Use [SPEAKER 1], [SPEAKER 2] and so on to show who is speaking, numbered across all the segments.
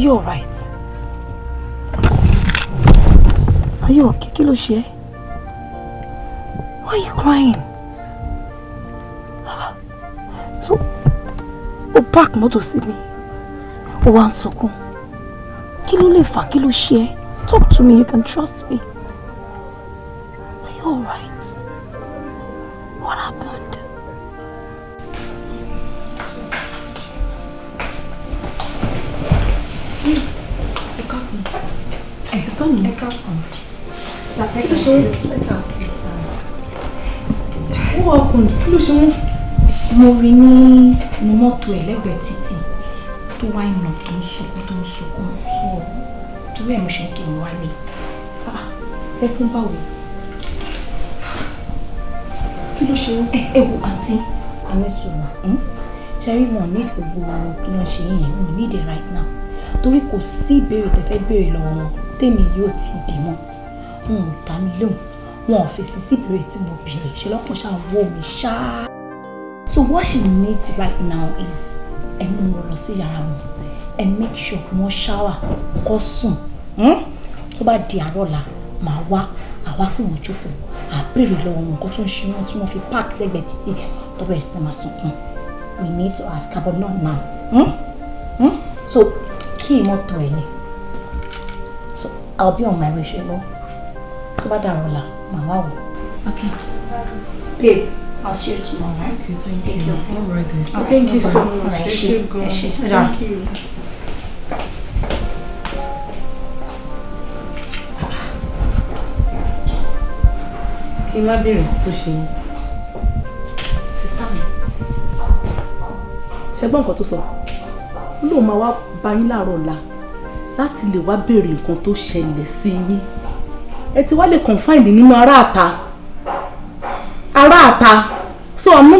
[SPEAKER 1] Are you alright? Are you okay? Kí Why are you crying? So, o park mọ́tò sí mi, o wá ń sọkún. Kí ló lè Talk to me, you can trust me. mo rí ní ní mọ́tò ẹ̀lẹ́gbẹ̀ẹ́ títì tó wá ìnà tó ń sunkún tó ń sunkún so torí ẹ̀ mo ṣe ń kí n wálé ah, ẹkún báwo kí ló ṣe ẹ ẹ wo àǹtí ẹ̀rẹ́ ṣẹ́rí mo need gbogbo kí wọ́n ṣe yẹn mo need it right now torí kò sí ìbéèrè tẹ́fẹ́ béèrè lọ́wọ́ wọn tèmi yóò ti bímọ wọn ò dá mi lóhùn wọn ò fèsì sí ìbéèrè tí mo béèrè ṣe lọ́kàn ṣáà wò mí ṣáá. So what she needs right now is ẹ mú wọn lọ sí yàrá wọn make sure wọn shower kó sùn hmm? tó bá di àárọ̀ la màá wá àwa kí wọn jókòó àbèrè lọ́wọ́ wọn nǹkan tó ń ṣe wọn tí fi park sẹ́gbẹ̀ẹ́ títì tó bẹ̀rẹ̀ sí máa sunkún we need to ask her, but not now hmm? Hmm? so kí ìmọ̀tò to ni so I'll be on my way ṣe lọ tó bá dàrọ̀ la màá wá okay babe. I'll see you tomorrow. Okay, thank Take you. Care. All right, then. Oh, thank you so much. Right. She, Thank
[SPEAKER 2] you. Kí n má bèrè tó ṣe yín.
[SPEAKER 1] Sísá mi. Ṣé gbọ́ nǹkan tó sọ? Ó lóun máa wá bá yín láàárọ̀ ọ̀la láti lè wá bèrè nǹkan tó ṣẹlẹ̀ sí yín. Ẹ ti wá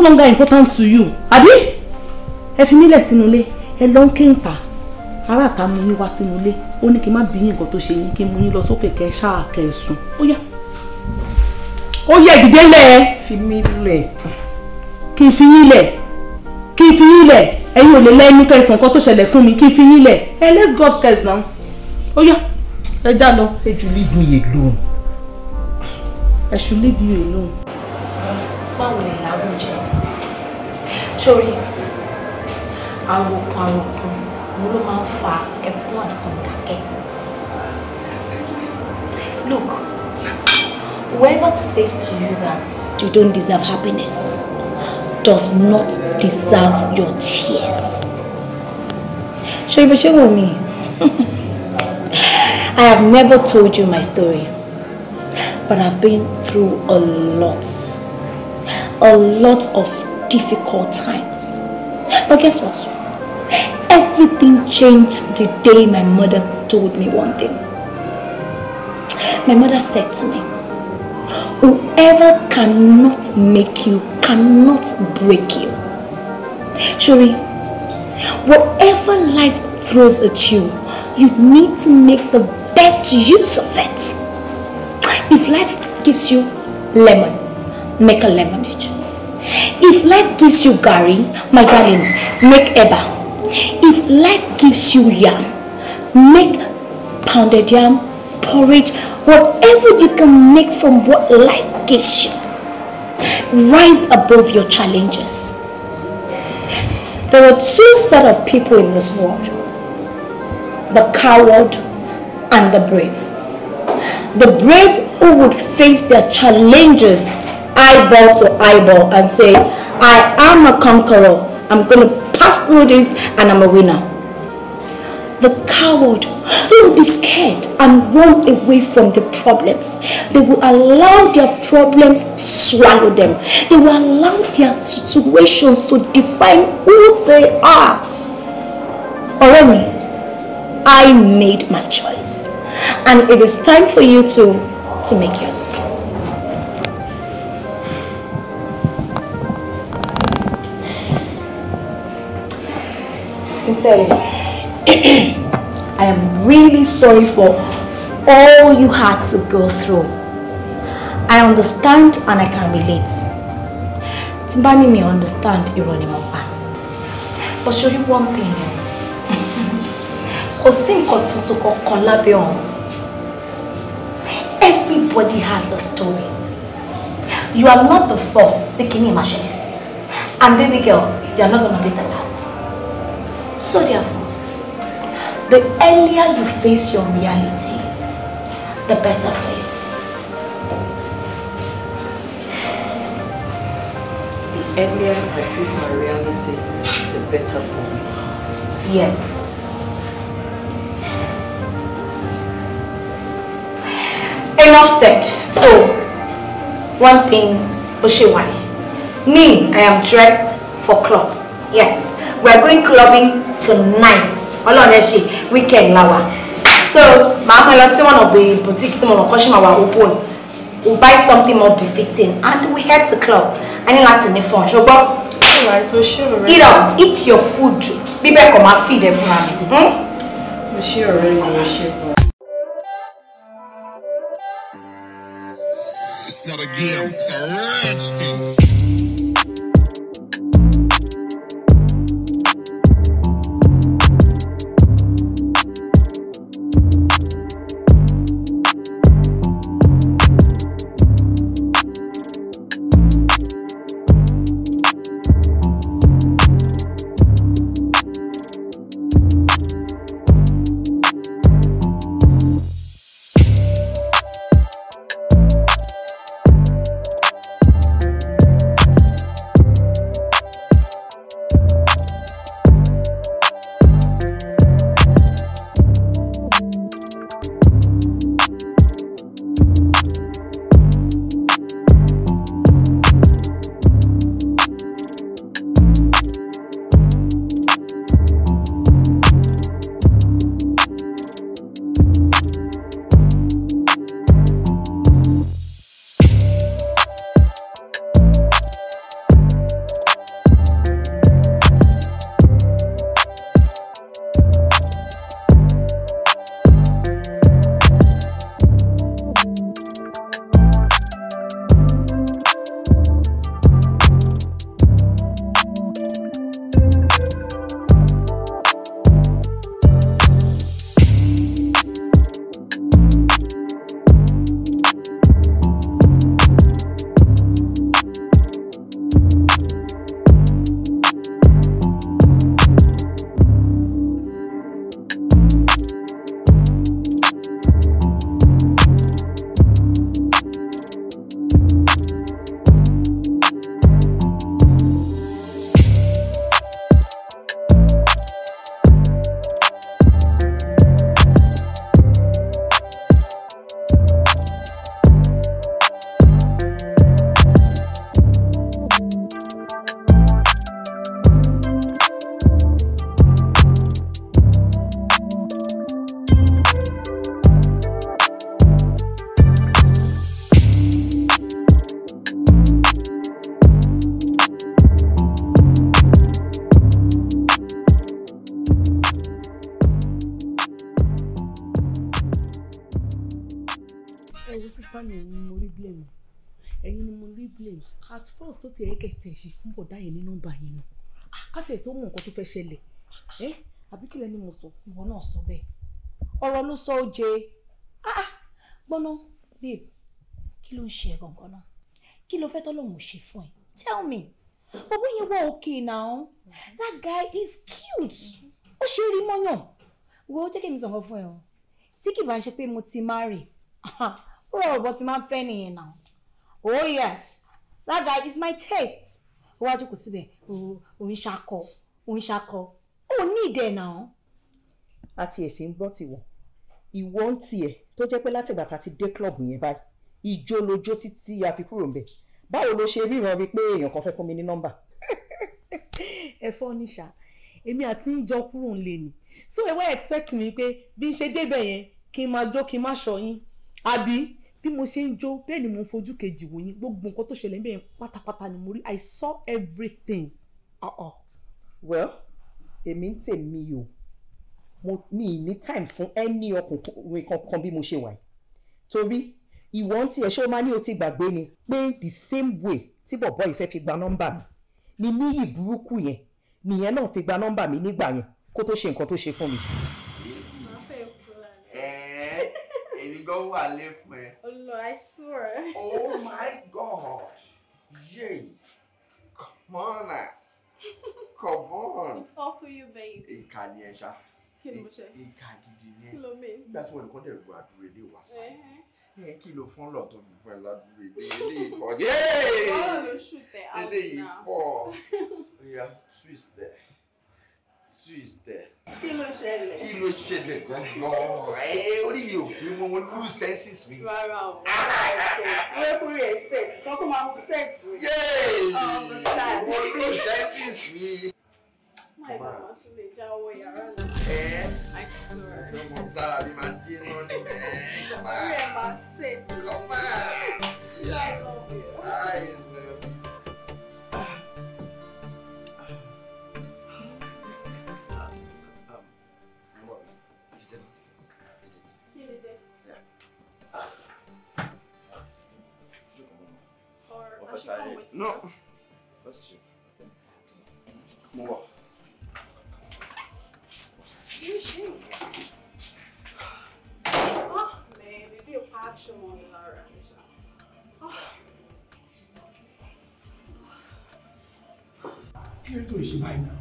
[SPEAKER 1] longer important to you àbí If you mílẹ̀ Sinule, ilé long kinta. ń ké ìta ará àta mú yín ni sínú ilé ó ní kí n má bí yín nǹkan tó ṣe yín kí n mú yín lọ sókè kẹ ṣáà kẹ ẹ sùn ó fi mí lẹ̀. kí fi yín lẹ̀ kí n fi yín lẹ̀ ẹ̀yin ò lè lẹ́yìn kẹsàn kan mi kí n fi yín lẹ̀ ẹ let's go upstairs now Oya, yá ẹ já you leave me alone. I should leave you alone. sórí àròkàn àròkàn òun ló máa ń fa ẹkún àsundàkẹ́ look whoever says to you that you don't deserve happiness does not deserve your tears ṣe ibi ṣé wò mí I have never told you my story but I've been through a lot a lot of difficult times. But guess what? Everything changed the day my mother told me one thing. My mother said to me, whoever cannot make you, cannot break you. Shuri, whatever life throws at you, you need to make the best use of it. If life gives you lemon, make a lemonade. If life gives you gari, my darling, make eba. If life gives you yam, make pounded yam, porridge, whatever you can make from what life gives you. Rise above your challenges. There are two set of people in this world. The coward and the brave. The brave who would face their challenges eyeball to eyeball and say, I am a conqueror. I'm going to pass through this and I'm a winner. The coward, they will be scared and run away from the problems. They will allow their problems swallow them. They will allow their situations to define who they are. Oremi, I made my choice. And it is time for you to, to make yours. selling. I am really sorry for all you had to go through. I understand and I can relate. Tí bá ní understand irọ́ ni mo pa. But one thing ni kò sí nǹkan tuntun kankan lábẹ́ Everybody has a story. You are not the first tí kìíní máa And baby girl, you are not gonna be the last. So therefore, the earlier you face your reality, the better for you. The earlier I face my reality, the better for me. Yes. Enough said. So, one thing, Oshewai. Me, I am dressed for club. Yes. We're going clubbing tonight ọlọ́run ẹ ṣe weekend la so ma'am, I lọ sí one of the boutique. tí of mọ̀ kọ́ ṣe open we buy something more befitting and we head to club a ní láti ní fun ṣùgbọ́n eat up eat your food bíbẹ̀ kọ̀ máa feed ẹ̀ fúnra mi. mo ṣe ọ̀rẹ́ mi mo ṣe bọ̀.
[SPEAKER 2] It's not a game, it's a rich thing.
[SPEAKER 1] blame at first tó ti ẹ̀ kẹ̀tẹ̀ ṣì fún bọ̀dá yẹn ní nọ́mbà yẹn nù ah, káti ẹ̀ tó mọ nǹkan tó fẹ́ ṣẹlẹ̀ ẹ́ eh? àbí kílẹ̀ ni mo sọ. ìwọ náà sọ bẹ́ẹ̀ ọ̀rọ̀ ló sọ ó jẹ ah, ah, gbọ́nà babe kí ló ń ṣe ẹ̀ gangan náà kí ló fẹ́ tọ́lọ́hún ṣe fún ẹ tell me bàbá yẹn wọ òkè náà that guy is cute ó ṣe rí mọ́yàn wo jẹ́ kí n sọ̀rọ̀ fún ẹ o tí kì bá ń ṣe pé mo ti má rè ó rọrùn bọ́ ti máa ń fẹ́ nìyẹn náà oh yes that guy is my taste ó wá jókòó síbẹ̀ òun ṣakọ òun ṣakọ ó ní ìdẹ̀ náà. àti èsì ń gbọ́ tiwọ ìwọ ń tiẹ̀ tó jẹ́ pé látìgbà tá a ti dé klọ́ọ̀bù yẹn báyìí ìjó lójó títí a fi kúrò ń bẹ̀ báwo ló ṣe ríran rí pé èèyàn kan fẹ́ fún mi ní nọ́mbà. ẹ̀fọ́ níṣà èmi àti ìjọ kúrò ń lè nì so ẹ wá expect mi pé bí n ṣe débẹ̀ yẹn kí n máa jó kí n má ṣọyín àbí bí mo ṣe ń jó bẹ́ẹ̀ ni mo ń fojú kejì wò yín gbogbo nǹkan tó ṣẹlẹ̀ níbẹ̀ yẹn pátápátá ni mo rí i saw everything. uh oh. well èmi ń tèmi o mo mi ì ní time fún ẹni ọkùnrin kankan bí mo ṣe wà yìí torí ìwọ ń tiẹ̀ ṣé o máa ní o ti gbàgbé ni pé the same way tí bọ̀bọ̀ yìí fẹ́ fi gba nọ́mbà mi ni níyì burúkú yẹn nìyẹn náà fi gba nọ́mbà mi nígbà yẹn kó tó ṣe nǹkan tó ṣe fún mi
[SPEAKER 3] gan wà fún ẹ. olùlọ i swear. oh my god yay come on na come on. it's
[SPEAKER 1] all for you babe.
[SPEAKER 3] ìka ni ẹ ṣá kí ni mo ṣe ìka gidi ni ẹ kí ló mi. nígbà tí wọn nìkan dẹ̀ lu àdúrà ilé wa sáyé ẹ kí ló fún lọ tó fi fún ẹ ládùúgbò ilé ilé ìkọ yéé eléyìí pọ̀. ṣẹlẹ̀. kí ló ṣẹlẹ̀ gbọ́ngàn ẹ orí mi ò pé mo mo lose senses mi.
[SPEAKER 1] rárá o wékúrú ẹ set wọn kó máa mú set rẹ. yéè mo lose
[SPEAKER 3] senses mi. máa ìgbà máa tún lè já owó yàrá náà. ẹ I swear. mo fẹ́ mo dára mi máa dín náà ní ẹ̀. orí ẹ̀ máa ṣe. lọ́mọ. Non. Pas sûr. Bon, voir.
[SPEAKER 1] Ah, mais bébé, o papo chamou Laura.
[SPEAKER 3] Kí ló tó ṣe báyìí náà?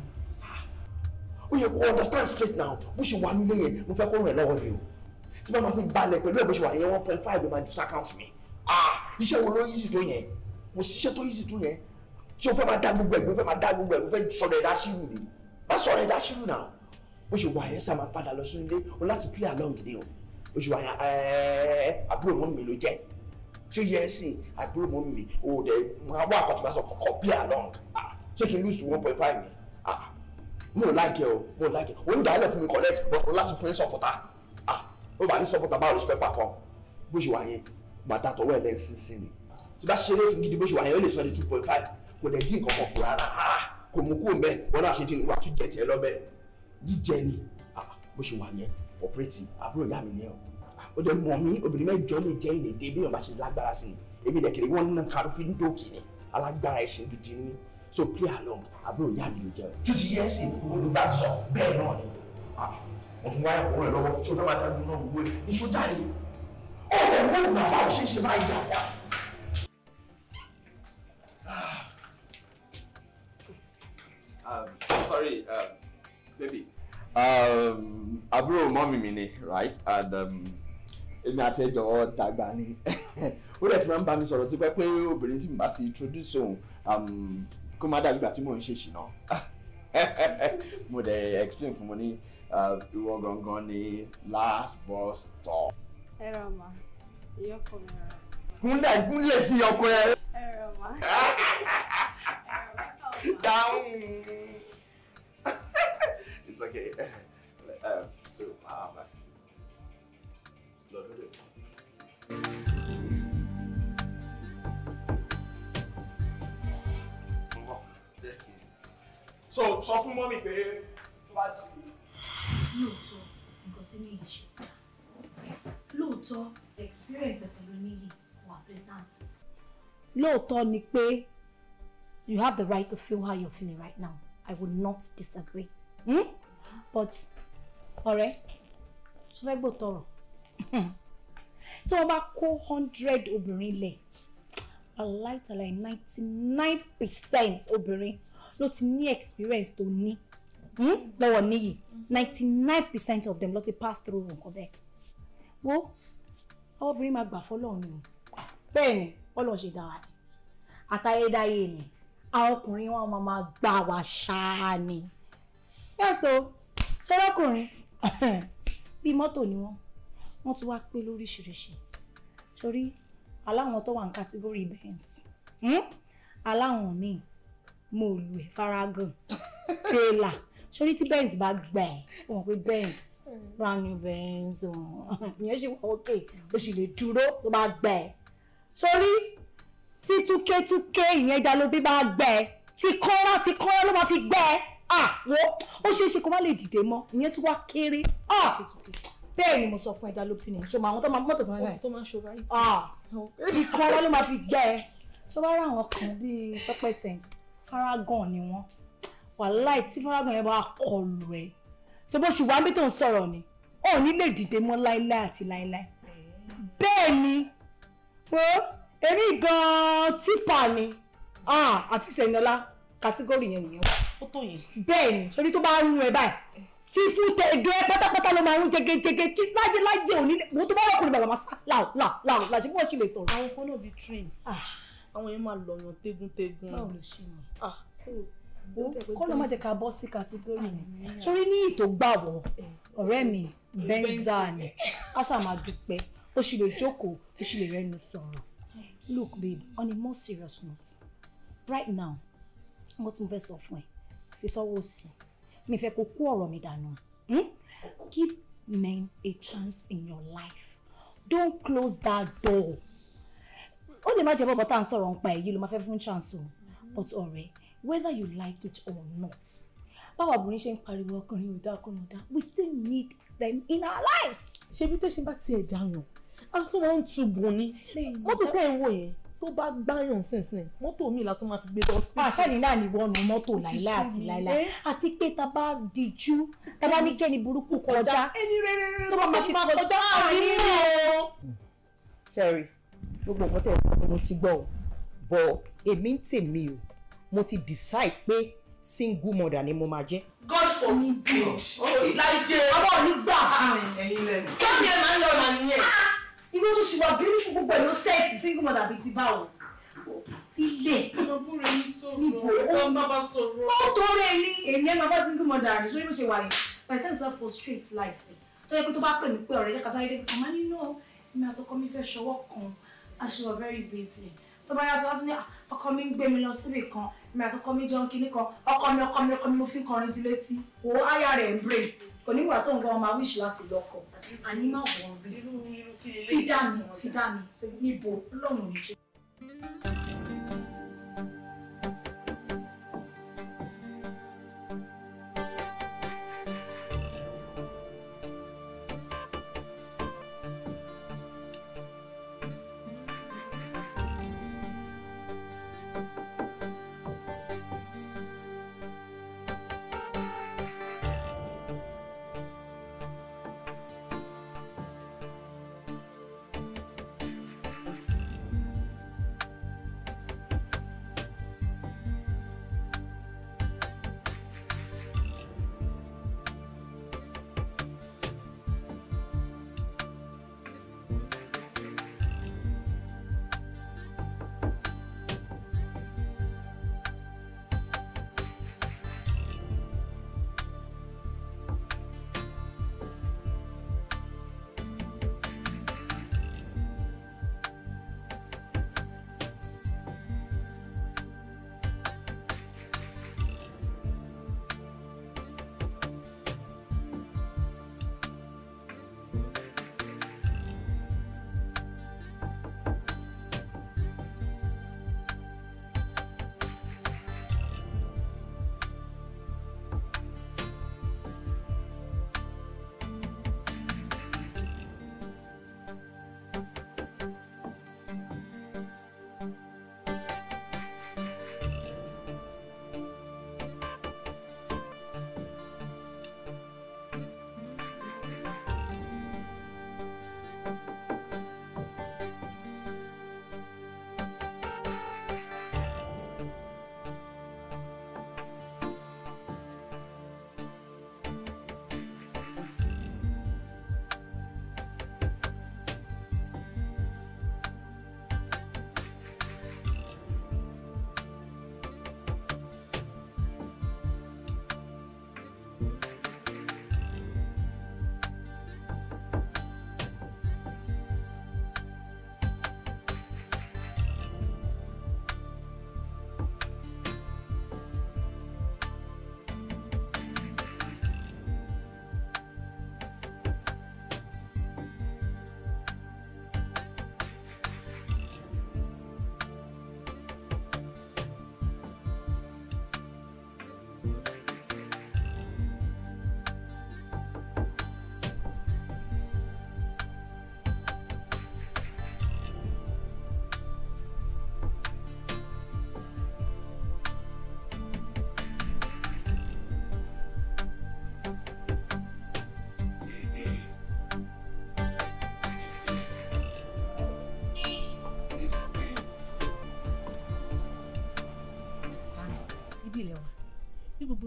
[SPEAKER 3] Ó yẹ kó understand straight now. Bó ṣe wà nílé yẹn, mo fẹ́ kó ràn ẹ́ lọ́wọ́ ni o. Tí bá máa fi balẹ̀ pẹ̀lú ẹ̀ bó ṣe one point five ló máa ju account. Me. Ah, you ló know easy tó yẹn? kò síṣẹ́ tó easy tó yẹn ṣé o fẹ́ máa dá gbogbo ẹ̀gbọ́n fẹ́ máa dá gbogbo ẹ̀gbọ́n fẹ́ sọ̀rọ̀ ẹ̀dá ṣírù ni má sọ̀rọ̀ ẹ̀dá ṣírù náà bó ṣe wà yẹn sá máa padà lọ sínú ilé o láti play along ni o bó ṣe wà yẹn ẹ̀ẹ́ àbúrò mọ́ mi ló jẹ́ ṣé yẹ ẹ́ sìn àbúrò mọ́ mi o dẹ̀ máa wá àkọ́tù bá sọ kọ̀ play along ah, ṣé kí n lose one point five mi ah, mo ò láìkẹ́ o mo ò láìkẹ́ o ń dàálẹ̀ fún mi collect but o láti fún ẹ sọ̀pọ̀tà ah, ó bá ní sọ̀pọ̀tà báwo ló ṣe fẹ́ pàfọ́ bó ṣe wà yẹn màá dàtọ̀ wẹ́ẹ̀ lẹ́sìn sí ni tí bá ṣe lóòtú gidi bó ṣe wà yẹn ó lè sọ di two point five kò lè dín nǹkan kan kù rárá ah, kò mú kúrò mẹ́ wọn náà ṣe ti wà tún jẹ tiẹ̀ lọ́bẹ̀ jíjẹ ni ah, bó ṣe wà yẹn cooperative àbúrò ìyá mi nìyẹn o ah, dẹ̀ mọ̀ mí obìnrin mẹ́jọ lè jẹ́ ìlédè bí wọn bá ṣe lágbára sí i èmi dẹ̀ kiri wọn náà kàró fi ń dòkì ni alágbára ẹ̀ṣin gidi ni so play along àbúrò ìyá mi ló jẹ́ o. jíjí yẹn sì olùgbà sọ bẹ́ẹ̀ náà ni wọ́n tún wáyà kúrò lọ́wọ́ ṣé o fẹ́ máa dájú náà wúwo ẹ̀ ní sójà ni ó dẹ̀ mú ìgbà wa ò ṣe é ṣe máa yà baby. Um, àbúrò mọ́mì mi ni right and um, èmi àti ẹjọ́ dàgbà ni ó dẹ̀ ti máa ń bá mi sọ̀rọ̀ tipẹ́ pé obìnrin tí mo bá ti introduce òun um, kó má dàbí ìgbà tí mò ń ṣe ṣìnà mo dẹ̀ explain fún mo ní uh, ìwọ gangan ni last bus stop.
[SPEAKER 1] ẹ rà mà iye ọkọ mi rà.
[SPEAKER 4] kúnlẹ̀ kúnlẹ̀ kí ọkọ ẹ.
[SPEAKER 1] ẹ rà mà. dáhùn it's
[SPEAKER 5] okay. um, so, I'm back. Lord, do it. So,
[SPEAKER 3] sọ fún mọ́mí pé
[SPEAKER 1] tó bá jẹ́ lóòótọ́ nǹkan tí ní experience the ló níyì are present. lóòótọ́ ni pé you have the right to feel how you're feeling right now I will not disagree. Hmm? but ọ̀rẹ́ tó fẹ́ gbò tọrọ tí wọ́n bá kó hundred obìnrin lẹ̀ aláìtàlà ninety nine percent obìnrin ló ti ní experience tó ní hmm? lọ́wọ́ níyì ninety nine percent of them ló ti pass through nǹkan bẹ́ẹ̀ wo obìnrin máa gbà fọlọ́run ni o bẹ́ẹ̀ ni ọlọ́run ṣe dá wa ni àtayédáyé ni àwọn ọkùnrin wọn máa gbà wá ṣáá ni yẹ́sọ̀. Yes, so, tọ́lọ́kùnrin bíi mọ́tò ni wọ́n wọ́n ti wá pé lóríṣiríṣi torí aláwọn tó wà ní kátígórì benz hmm? aláwọn míì mo lu ẹ̀ faragan tírélà sórí tí benz bá gbà ẹ̀ ó mọ̀ pé benz hmm. brand new benz ìyẹn ṣì wà ókè o sì lè dúró tó bá gbà ẹ̀ sórí tí túkétúké ìyẹn jalóbi bá gbà ẹ̀ tí kọ́rọ́ tí kọ́rọ́ ló máa fi gbà Ah, wo ó ṣeé ṣe kó má lè dìde mọ́ ìyẹn ti wá kéré ah, bẹ́ẹ̀ ni mo sọ fún ẹ dalópin ni ṣọmọ àwọn tó máa mọ́tò tó máa báyìí tó máa ṣọba yìí ibi kan wá ló máa fi gbẹ ẹ tó bá rà wọn kan bíi pẹpẹ scent faragan ni wọn wàláì tí faragan yẹn bá kọlù ẹ tó bó ṣe wá bí tó ń sọ̀rọ̀ ni ò ní lè dìde mọ́ láéláé àti láéláé bẹ́ẹ̀ ni wo èmi gan-an tipa ni ah, àfisẹ̀yìnlá kátígórì yẹn nìyẹn wà ó tó yẹn. bẹ́ẹ̀ni sori tó bá ń rún ẹ báyìí tí fún tẹ̀gẹ́ pátápátá ló máa ń jẹgẹjẹgẹ kí lájẹ lájẹ òní mo tó bá lọkùnrin bàbá máa sá làw làw làjẹ bí wọ́n lè sọ̀rọ̀. àwọn kan náà bíi train ah. àwọn yẹn máa lọ̀yàn tégúntégún. báwo ló ṣe mọ̀ ah so kọ́nà má jẹ́ ká bọ́ sí kàtígórì yẹn sórí ní ìtò gbàwọ̀ ọ̀rẹ́ mi bẹ́ńzà ni a ṣáà máa dúpẹ́ ó sì lè jókòó ó sì lè rẹ́nu sọ̀rọ̀ look babe on a more serious note right now mo ti fẹ́ sọ fún ẹ fi sọ́wọ́ òsì mi fẹ́ kó kú ọ̀rọ̀ mi dànù hmm? give men a chance in your life don't close that door ó lè má jẹ́ bọ́bọ́ tá à ń sọ̀rọ̀ nípa èyí ló máa fẹ́ fún chance o but ọ̀rẹ́ whether you like it or not báwa obìnrin ṣe ń pariwo ọkùnrin ò ọkùnrin ò we still need them in our lives. ṣebí tẹ́sán bá tiẹ̀ dáhùn àwọn tó wọ́n ń tubùn ni mọ́tò tẹ́ ẹ̀ wò yẹn tó bá gbáyàn sínsìn mọ́tò mi la tún máa fi gbé lọ sí. àṣà ni náà ni wọnú mọ́tò láìláì àti láìláì àti pé tá a bá dijú tá a bá ní kẹ́ni burúkú kọjá tó bá máa fi kọjá ah, àárín rẹ̀ cherry gbogbo nǹkan tẹ̀ ẹ́ mo ti gbọ́ ọ bọ̀ èmi ń tèmi o mo ti decide pé single mother ni mo máa jẹ́. God forbid. láì jẹ́ ọlọ́run ní gbà fún ẹ. ẹ̀yin lẹ́nu. kí ni ẹ máa ń lọ ọ̀nà nìyẹn ìwé tó ṣì wà beautiful gbogbo ẹ̀ ló sẹ́ẹ̀tì single mother bíi ti báwo ilé níbo ó tó rẹ̀ ní èmi ẹ̀ máa bá single mother rẹ̀ sórí bó ṣe wà yẹn by the time you are frustrate life tó yẹ pé tó bá pè mí pé ọ̀rẹ́ jẹ́ kásáré débi kàmá nínú mi àtọkọ mi fẹ́ ṣọwọ́ kan aṣọ very busy tó bá yàtọ̀ wá sí ní ah, ọkọ mi ń gbé mi lọ síbì kan mi àtọkọ mi jọ ń kinní kan ọkọ mi ọkọ mi ọkọ mi mo fi ń kọrin sí létí wo aya rẹ̀ ń brè kò nígbà tó ń gbọ́ ọmọ àwíṣ láti lọ́kọ̀ àní má wọ̀ rí. irú fídà mi níbo ọlọ́run ní jẹ́.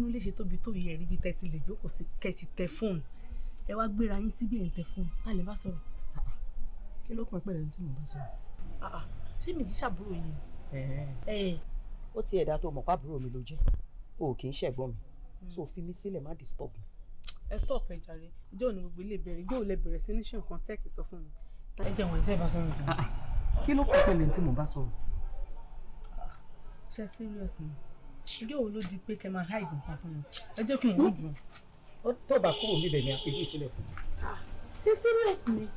[SPEAKER 1] bínú lè ṣe tóbi tó yẹ rí bí tẹ́tí lè jókòó sí kẹ́tì tẹ fóònù ẹ wá gbéra yín síbi ẹ̀ ń tẹ fóònù tá lè bá sọ̀rọ̀. kí ló kàn pẹ̀lẹ́ ní tí mo bá sọ̀rọ̀. Ah, ah. ṣé mi kì í ṣàbúrò yìí. ó ti ẹ̀dá tó mọ̀ pábúrò mi ló jẹ́ o kì í ṣẹ̀gbọ́n mi hmm. so fi mí sílẹ̀ má disturb mi. ẹ stop ẹ jàre ijó ni gbogbo ilé bẹ̀rẹ̀ ijó lẹ bẹ̀rẹ̀ sí ní ṣe nǹkan tẹ́ẹ̀kì sọ fún mi. ẹ jẹ́ wọn ìjẹ́ ìbásọ̀rọ̀ ah, kí ló kàn pẹ̀lẹ́ ní tí mo bá sọ̀rọ̀. ṣé serious ìjọ wo ló di pé kẹ máa há ìgbọ̀n pa fún mi ẹ jẹ́ kí n wọ́n jù. ó tọ́ba kúrò níbẹ̀ ni àpèjì sílẹ̀ fún mi. ṣé serious ni.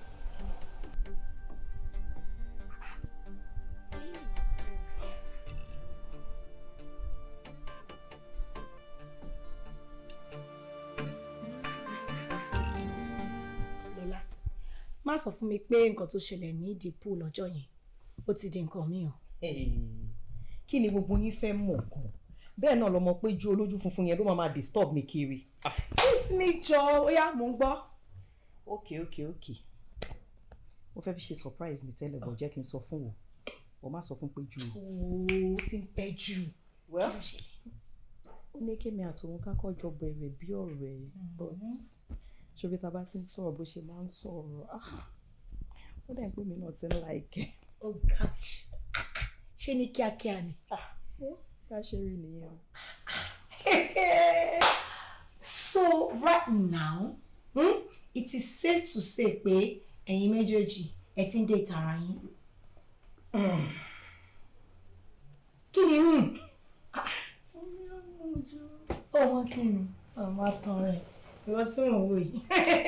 [SPEAKER 1] má sọ fún mi pé nǹkan tó ṣẹlẹ̀ ní dìpọ̀ lọ́jọ́ yẹn ó ti di nǹkan mìíràn. kí ni gbogbo yín fẹ́ mọ̀ gan-an bẹ́ẹ̀ náà lọmọ pé ju olójú funfun yẹn ló máa máa disturb mi kiri. Ah. kiss me jọ oya mò ń gbọ́. ok ok ok mo fẹ́ fi ṣe surprise ní tẹ́lẹ̀ bọ̀ ah. jẹ́ kí n sọ fún wo o má sọ fún pé ju. ooo ti ń pẹ́ jù. well ó ní kémi àtòun kákọ́ jọ bẹ̀rẹ̀ bí ọ̀rẹ́ mm-hmm. but ṣòbí ta bá ti ń sọ̀rọ̀ bó ṣe máa ń sọ̀rọ̀ ah. ó dẹ̀ ń pè mí náà ti ń la ìkẹ́. ó ga ṣé ní kíákíá ni bá ṣe rí nìyẹn o. so right now hmm, it is safe to say pé ẹ̀yin méjèèjì ẹ ti ń dé tara yín. kí ni mú? ọmọ kí ni ọmọ atán rẹ̀ ìwọ sí mò wò yìí.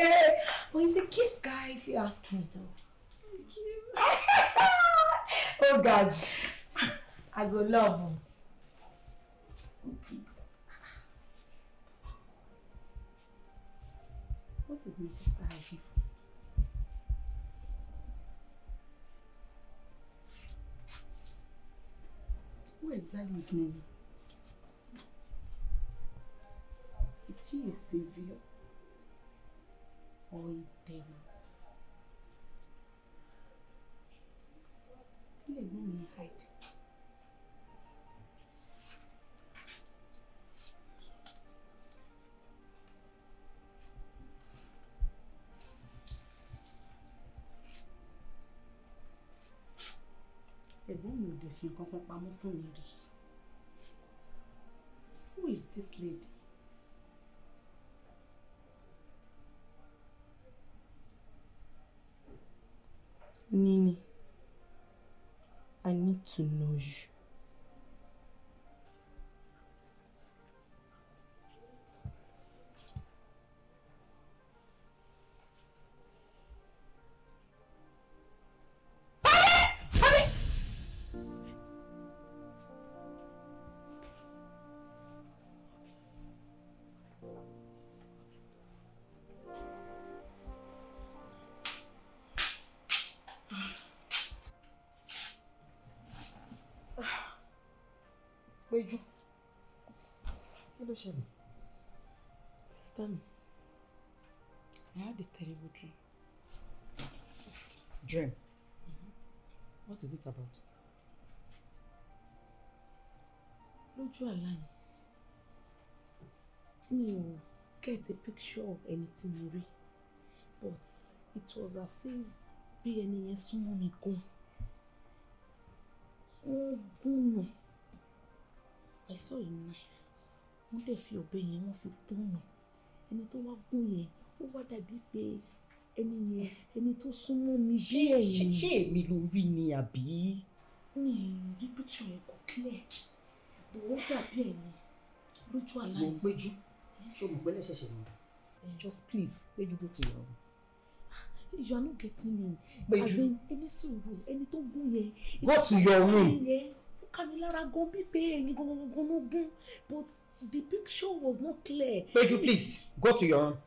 [SPEAKER 1] but he's a cute guy if you ask me though. oh God, I go love him. What is my sister hiding Who exactly is Nelly? Is she a savior or a devil? Kí lè gbé hide? ẹ̀gbọ́n mi ò dẹ̀ fi nǹkan kan pamọ́ fún mi rí who is this lady. Nini, I need to know you. Péjú kí ló ṣẹlẹ̀? Sista I had a terrible dream. Dream? Mm-hmm. What is it about? Lójú àlá yẹn, mi ò get a picture of ẹni tí mo but it was as if bí ẹni yẹn súnmọ́ mi gan. Wọ́n gún yàn. I saw a knife wọ́n dẹ̀ fi ọ̀bẹ yẹn wọ́n fi gún yẹn ẹni tó wá gún yẹn ó wá dàbí pé ẹni yẹn ẹni tó súnmọ́ mi bí ẹ̀yìn. ṣé èmi ló rí ni àbí. mi rí píkṣọ yẹn kò clear bò dàbí ẹ̀yìn lójú àlá yẹn. mo péjú eh? ṣé o mọ̀ pé lẹ́sẹ̀ṣẹ̀ mi. Eh. just please péjú go to your you are not getting me. But ẹni sùúrù ẹni tó gún yẹn. go to your room ká mi lára gan bí pé ẹ̀yin gangan ló but the picture was not clear. Péjú please go to your own.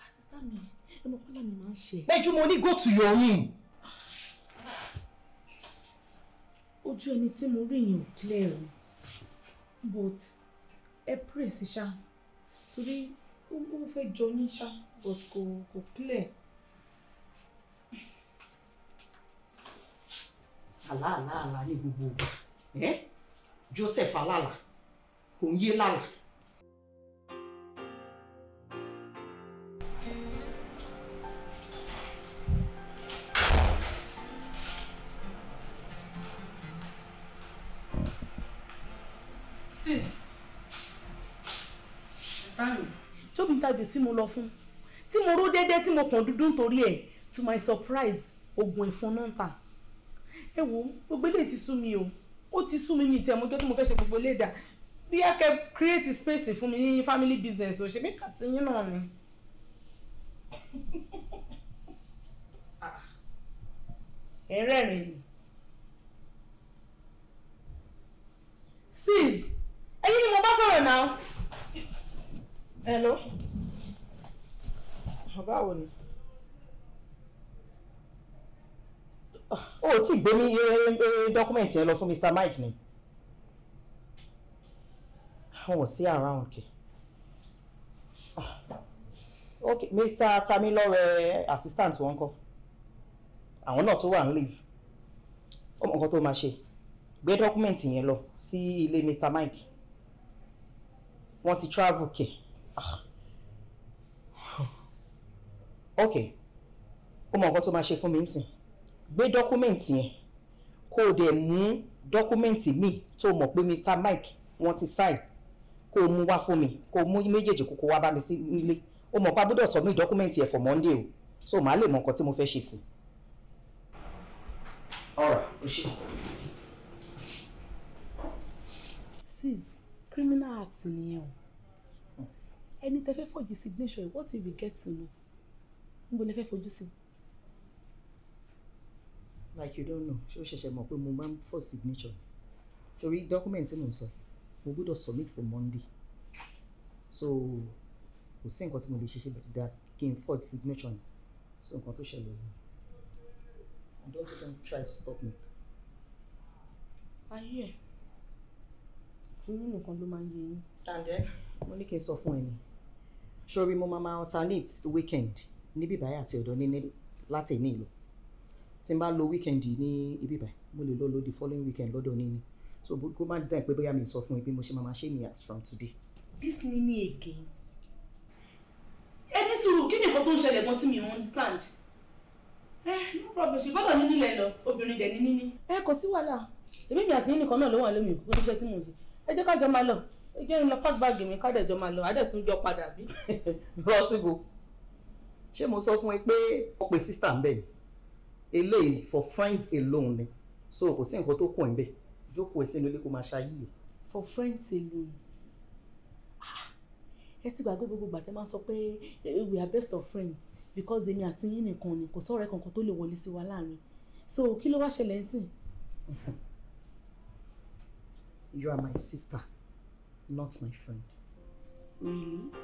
[SPEAKER 1] Ah, sísá mi ẹ mọ mi máa ń ṣe. Péjú mo ní go to your own. ojú ẹni tí mo rí yẹn ò clear o but ẹ pray sí ṣá torí ó fẹ́ jọ yín ṣá but kò kò clear. àlá àlá àlá ní gbogbo ògbà eh? Joseph alala kò ń yé lálà. tóbi tàbí tí mo lọ fún tí mo ró déédéé tí mo kàn dúdú nítorí ẹ to my surprise oògùn ẹ̀fọn náà ń tà ẹ wo gbogbo eléyìí ti sú mi o ó ti sú mi ní ìtẹ̀ mọ́jọ́ tí mo fẹ́ ṣe gbogbo léda bí a kẹ create space fún mi ní family business ò ṣe mí kàtí yín náà ni. Ah. ẹ̀rẹ́rìn ni. sis ẹ̀yin ni mo bá sọ̀rọ̀ náà. hello ọ̀gá wo ni. o ò tí ì gbé mi eh, eh, eh, dọ́kúmẹ̀ntì yẹn lọ fún Mr. Mike ni wọn ò sí around kì ah, ok Mr. Tamilore assistant wọn kọ àwọn náà tó wà ń leave ọmọ nǹkan tó máa ṣe gbé dọ́kúmẹ̀ntì yẹn lọ sí ilé Mr. Mike wọ́n ti travel kẹ̀ ah. ok ó mọ nǹkan tó máa ṣe fún mi nísìn gbé dọ́kúmẹ̀ǹtì yẹn kó o dẹ̀ mú dọ́kúmẹ̀ǹtì míì tó mọ̀ pé Mr Mike wọ́n ti sign kó o mú wá fún mi kó o mú méjèèjì kókó wá bá mi sí nílé o mọ̀ pa gbọ́dọ̀ submit dọ́kúmẹ̀ǹtì ẹ̀ for Monday o so màá lè mọ nǹkan tí mo fẹ́ ṣe sí. ọ̀rọ̀ o ṣe. sis criminal act nìyẹn o ẹni tẹ́ fẹ́ fọ̀jì signature what if we get to know níbo lẹ fẹ́ fojú sí i like you don't know ṣé o ṣẹ̀ṣẹ̀ mọ̀ pé mo máa ń fọ̀ signature torí document tí mo ń sọ mo gbọ́dọ̀ submit for Monday so kò sí nǹkan tí mo lè ṣe ṣe bẹ̀rẹ̀ dá kí n fọ̀ signature so nǹkan tó ṣẹlẹ̀ yìí I don't even try to stop me. ayé ẹ̀ tí yín nìkan ló máa ń yé yín. tàǹdẹ́ mo ní kí n sọ fún ẹ ni sori mo máa ma alternate weekend níbí báyà àti ọ̀dọ̀ níní láti ní ìlú tí n bá lo weekend ní ibi báyìí mo lè lọ lo the following weekend lọ́dọ̀ ní ni so kó má dídá ìpè bóyá mi sọ fún mi bí mo ṣe máa ma ṣe ni as from today. this ni ni èké ẹni sùúrù kí ni nǹkan tó ń ṣẹlẹ̀ mọ́ tí mi ò understand ẹ no problem ṣe gbọ́dọ̀ nínú ilẹ̀ lọ obìnrin dẹ̀ ní níní. ẹ kò sí wàhálà èmi mi àti yín nìkan náà ló wà lómi ìkókó níṣẹ́ tí mò ń ṣe ẹ jẹ́ ká jọ máa lọ ẹ jẹ́ ń lọ pack bag mi ká dẹ̀ jọ máa lọ àdẹ̀ tún jọ padà bí. lọ síbo ṣé mo sọ fún ẹ pé ó pe sísà ń bẹ̀ ni eléyìí for friends alone ni so kò sí nǹkan tó kàn ń bẹ̀ jókòó ẹ sínú ilé kó máa ṣayé. for friends alone ah, ẹ ti gbàgbé gbogbo ìgbà máa sọ pé eh, eh, we are best of friends because èmi àti yín nìkan ni kò sọ̀rọ̀ ẹ̀ kankan tó lè wọlé sí wa láàrin so kí ló wá ṣẹlẹ̀ ń sìn. you are my sister not my friend. Really? Mm-hmm.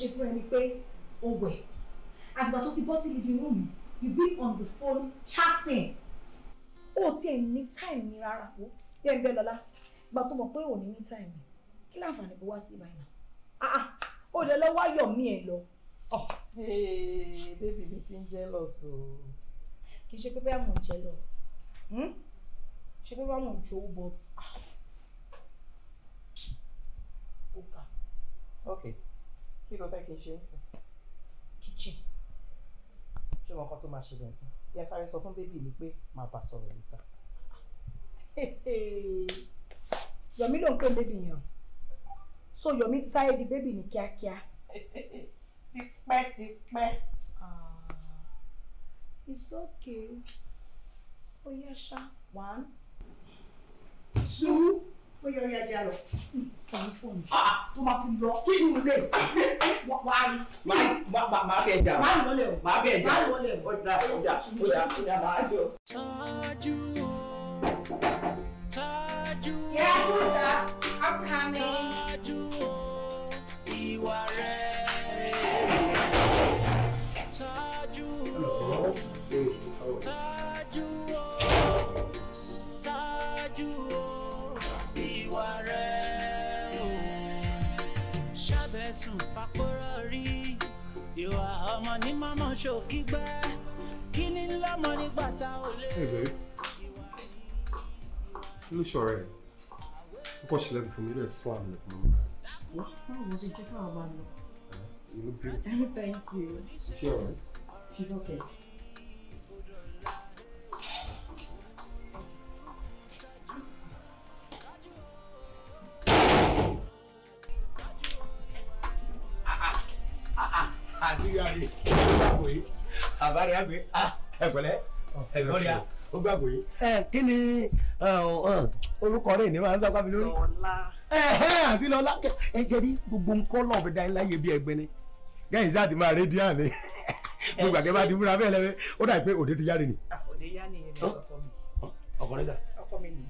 [SPEAKER 1] ṣe fún ẹni pé o wẹ̀ àtìgbà tó ti bọ́ sí living room you be on the phone chatting ó tiẹ̀ ní time mi rárá o yẹ ń bẹ lọ́la ìgbà tó mọ̀ pé ò ní ní time mi kí láǹfààní kó wá sí ibà yìí náà ó ah, ah, lè lọ wáyọ̀ mí ẹ̀ lọ. Oh, bébì mi ti ń jealous o. kì í ṣe pé bẹ́ẹ̀ mò ń jealous hmm? ṣe pé bẹ́ẹ̀ mò ń jowó but ah. ó ga. okay kí ló fẹ́ kí n ṣe ń sìn kitchen ṣé wọn kan tó máa ṣe bẹ́ẹ̀ sìn ìyá sáré sọ fún bébì mi pé màá bá sọ̀rọ̀ níta Yomi ló ń pè bébì yẹn so Yomi ti sáré di bébì ní kíákíá. tipẹ́ tipẹ́. Ah, it's okay Oh, yẹ ṣá one two ó orí ajá lọ. Hmm, fani fóònù. Ah, ah, fi lọ kí ni ilé wàá rí. máa bẹ ẹja máa lọlẹ o máa bẹ ẹja o da o da o da o máa jọ. tọ́jú o
[SPEAKER 2] tọ́jú o. yẹ́n kúrò sá i'm coming. ṣòkígbẹ́ kí ni lọ́mọ nígbà tá ò lè.
[SPEAKER 6] ló ṣọ̀rọ̀ ẹ̀ púpọ̀ ṣẹlẹ̀ fún mi lẹ́ẹ̀ slam ní ọmọ mi.
[SPEAKER 1] wọ́n mú mi fún àwọn ọmọ mi. you look beautiful. thank you. ṣé ọ̀rẹ́. she's okay.
[SPEAKER 4] àbárí àgbè ẹ̀pẹ̀lẹ́ ẹ̀gbọ́nìyà ó gbàgbé. ẹ kí ni orúkọ rẹ ní máa ń sábà fi lórí. lọlá. àti lọlá ẹ jẹ ní gbogbo nǹkan lọ́ọ̀ fi dáyé láyé bí ẹgbẹ́ ni gẹ́yìn sáà ti máa rédíà ni gbogbo àgbẹ̀bá ti múra bẹ́ẹ̀ lẹ́wẹ́ ó dà pé òde ti yára ni.
[SPEAKER 1] Ah, òde yá ni ẹni ọkọ mi ọkùnrin dà. ọkọ mi ni.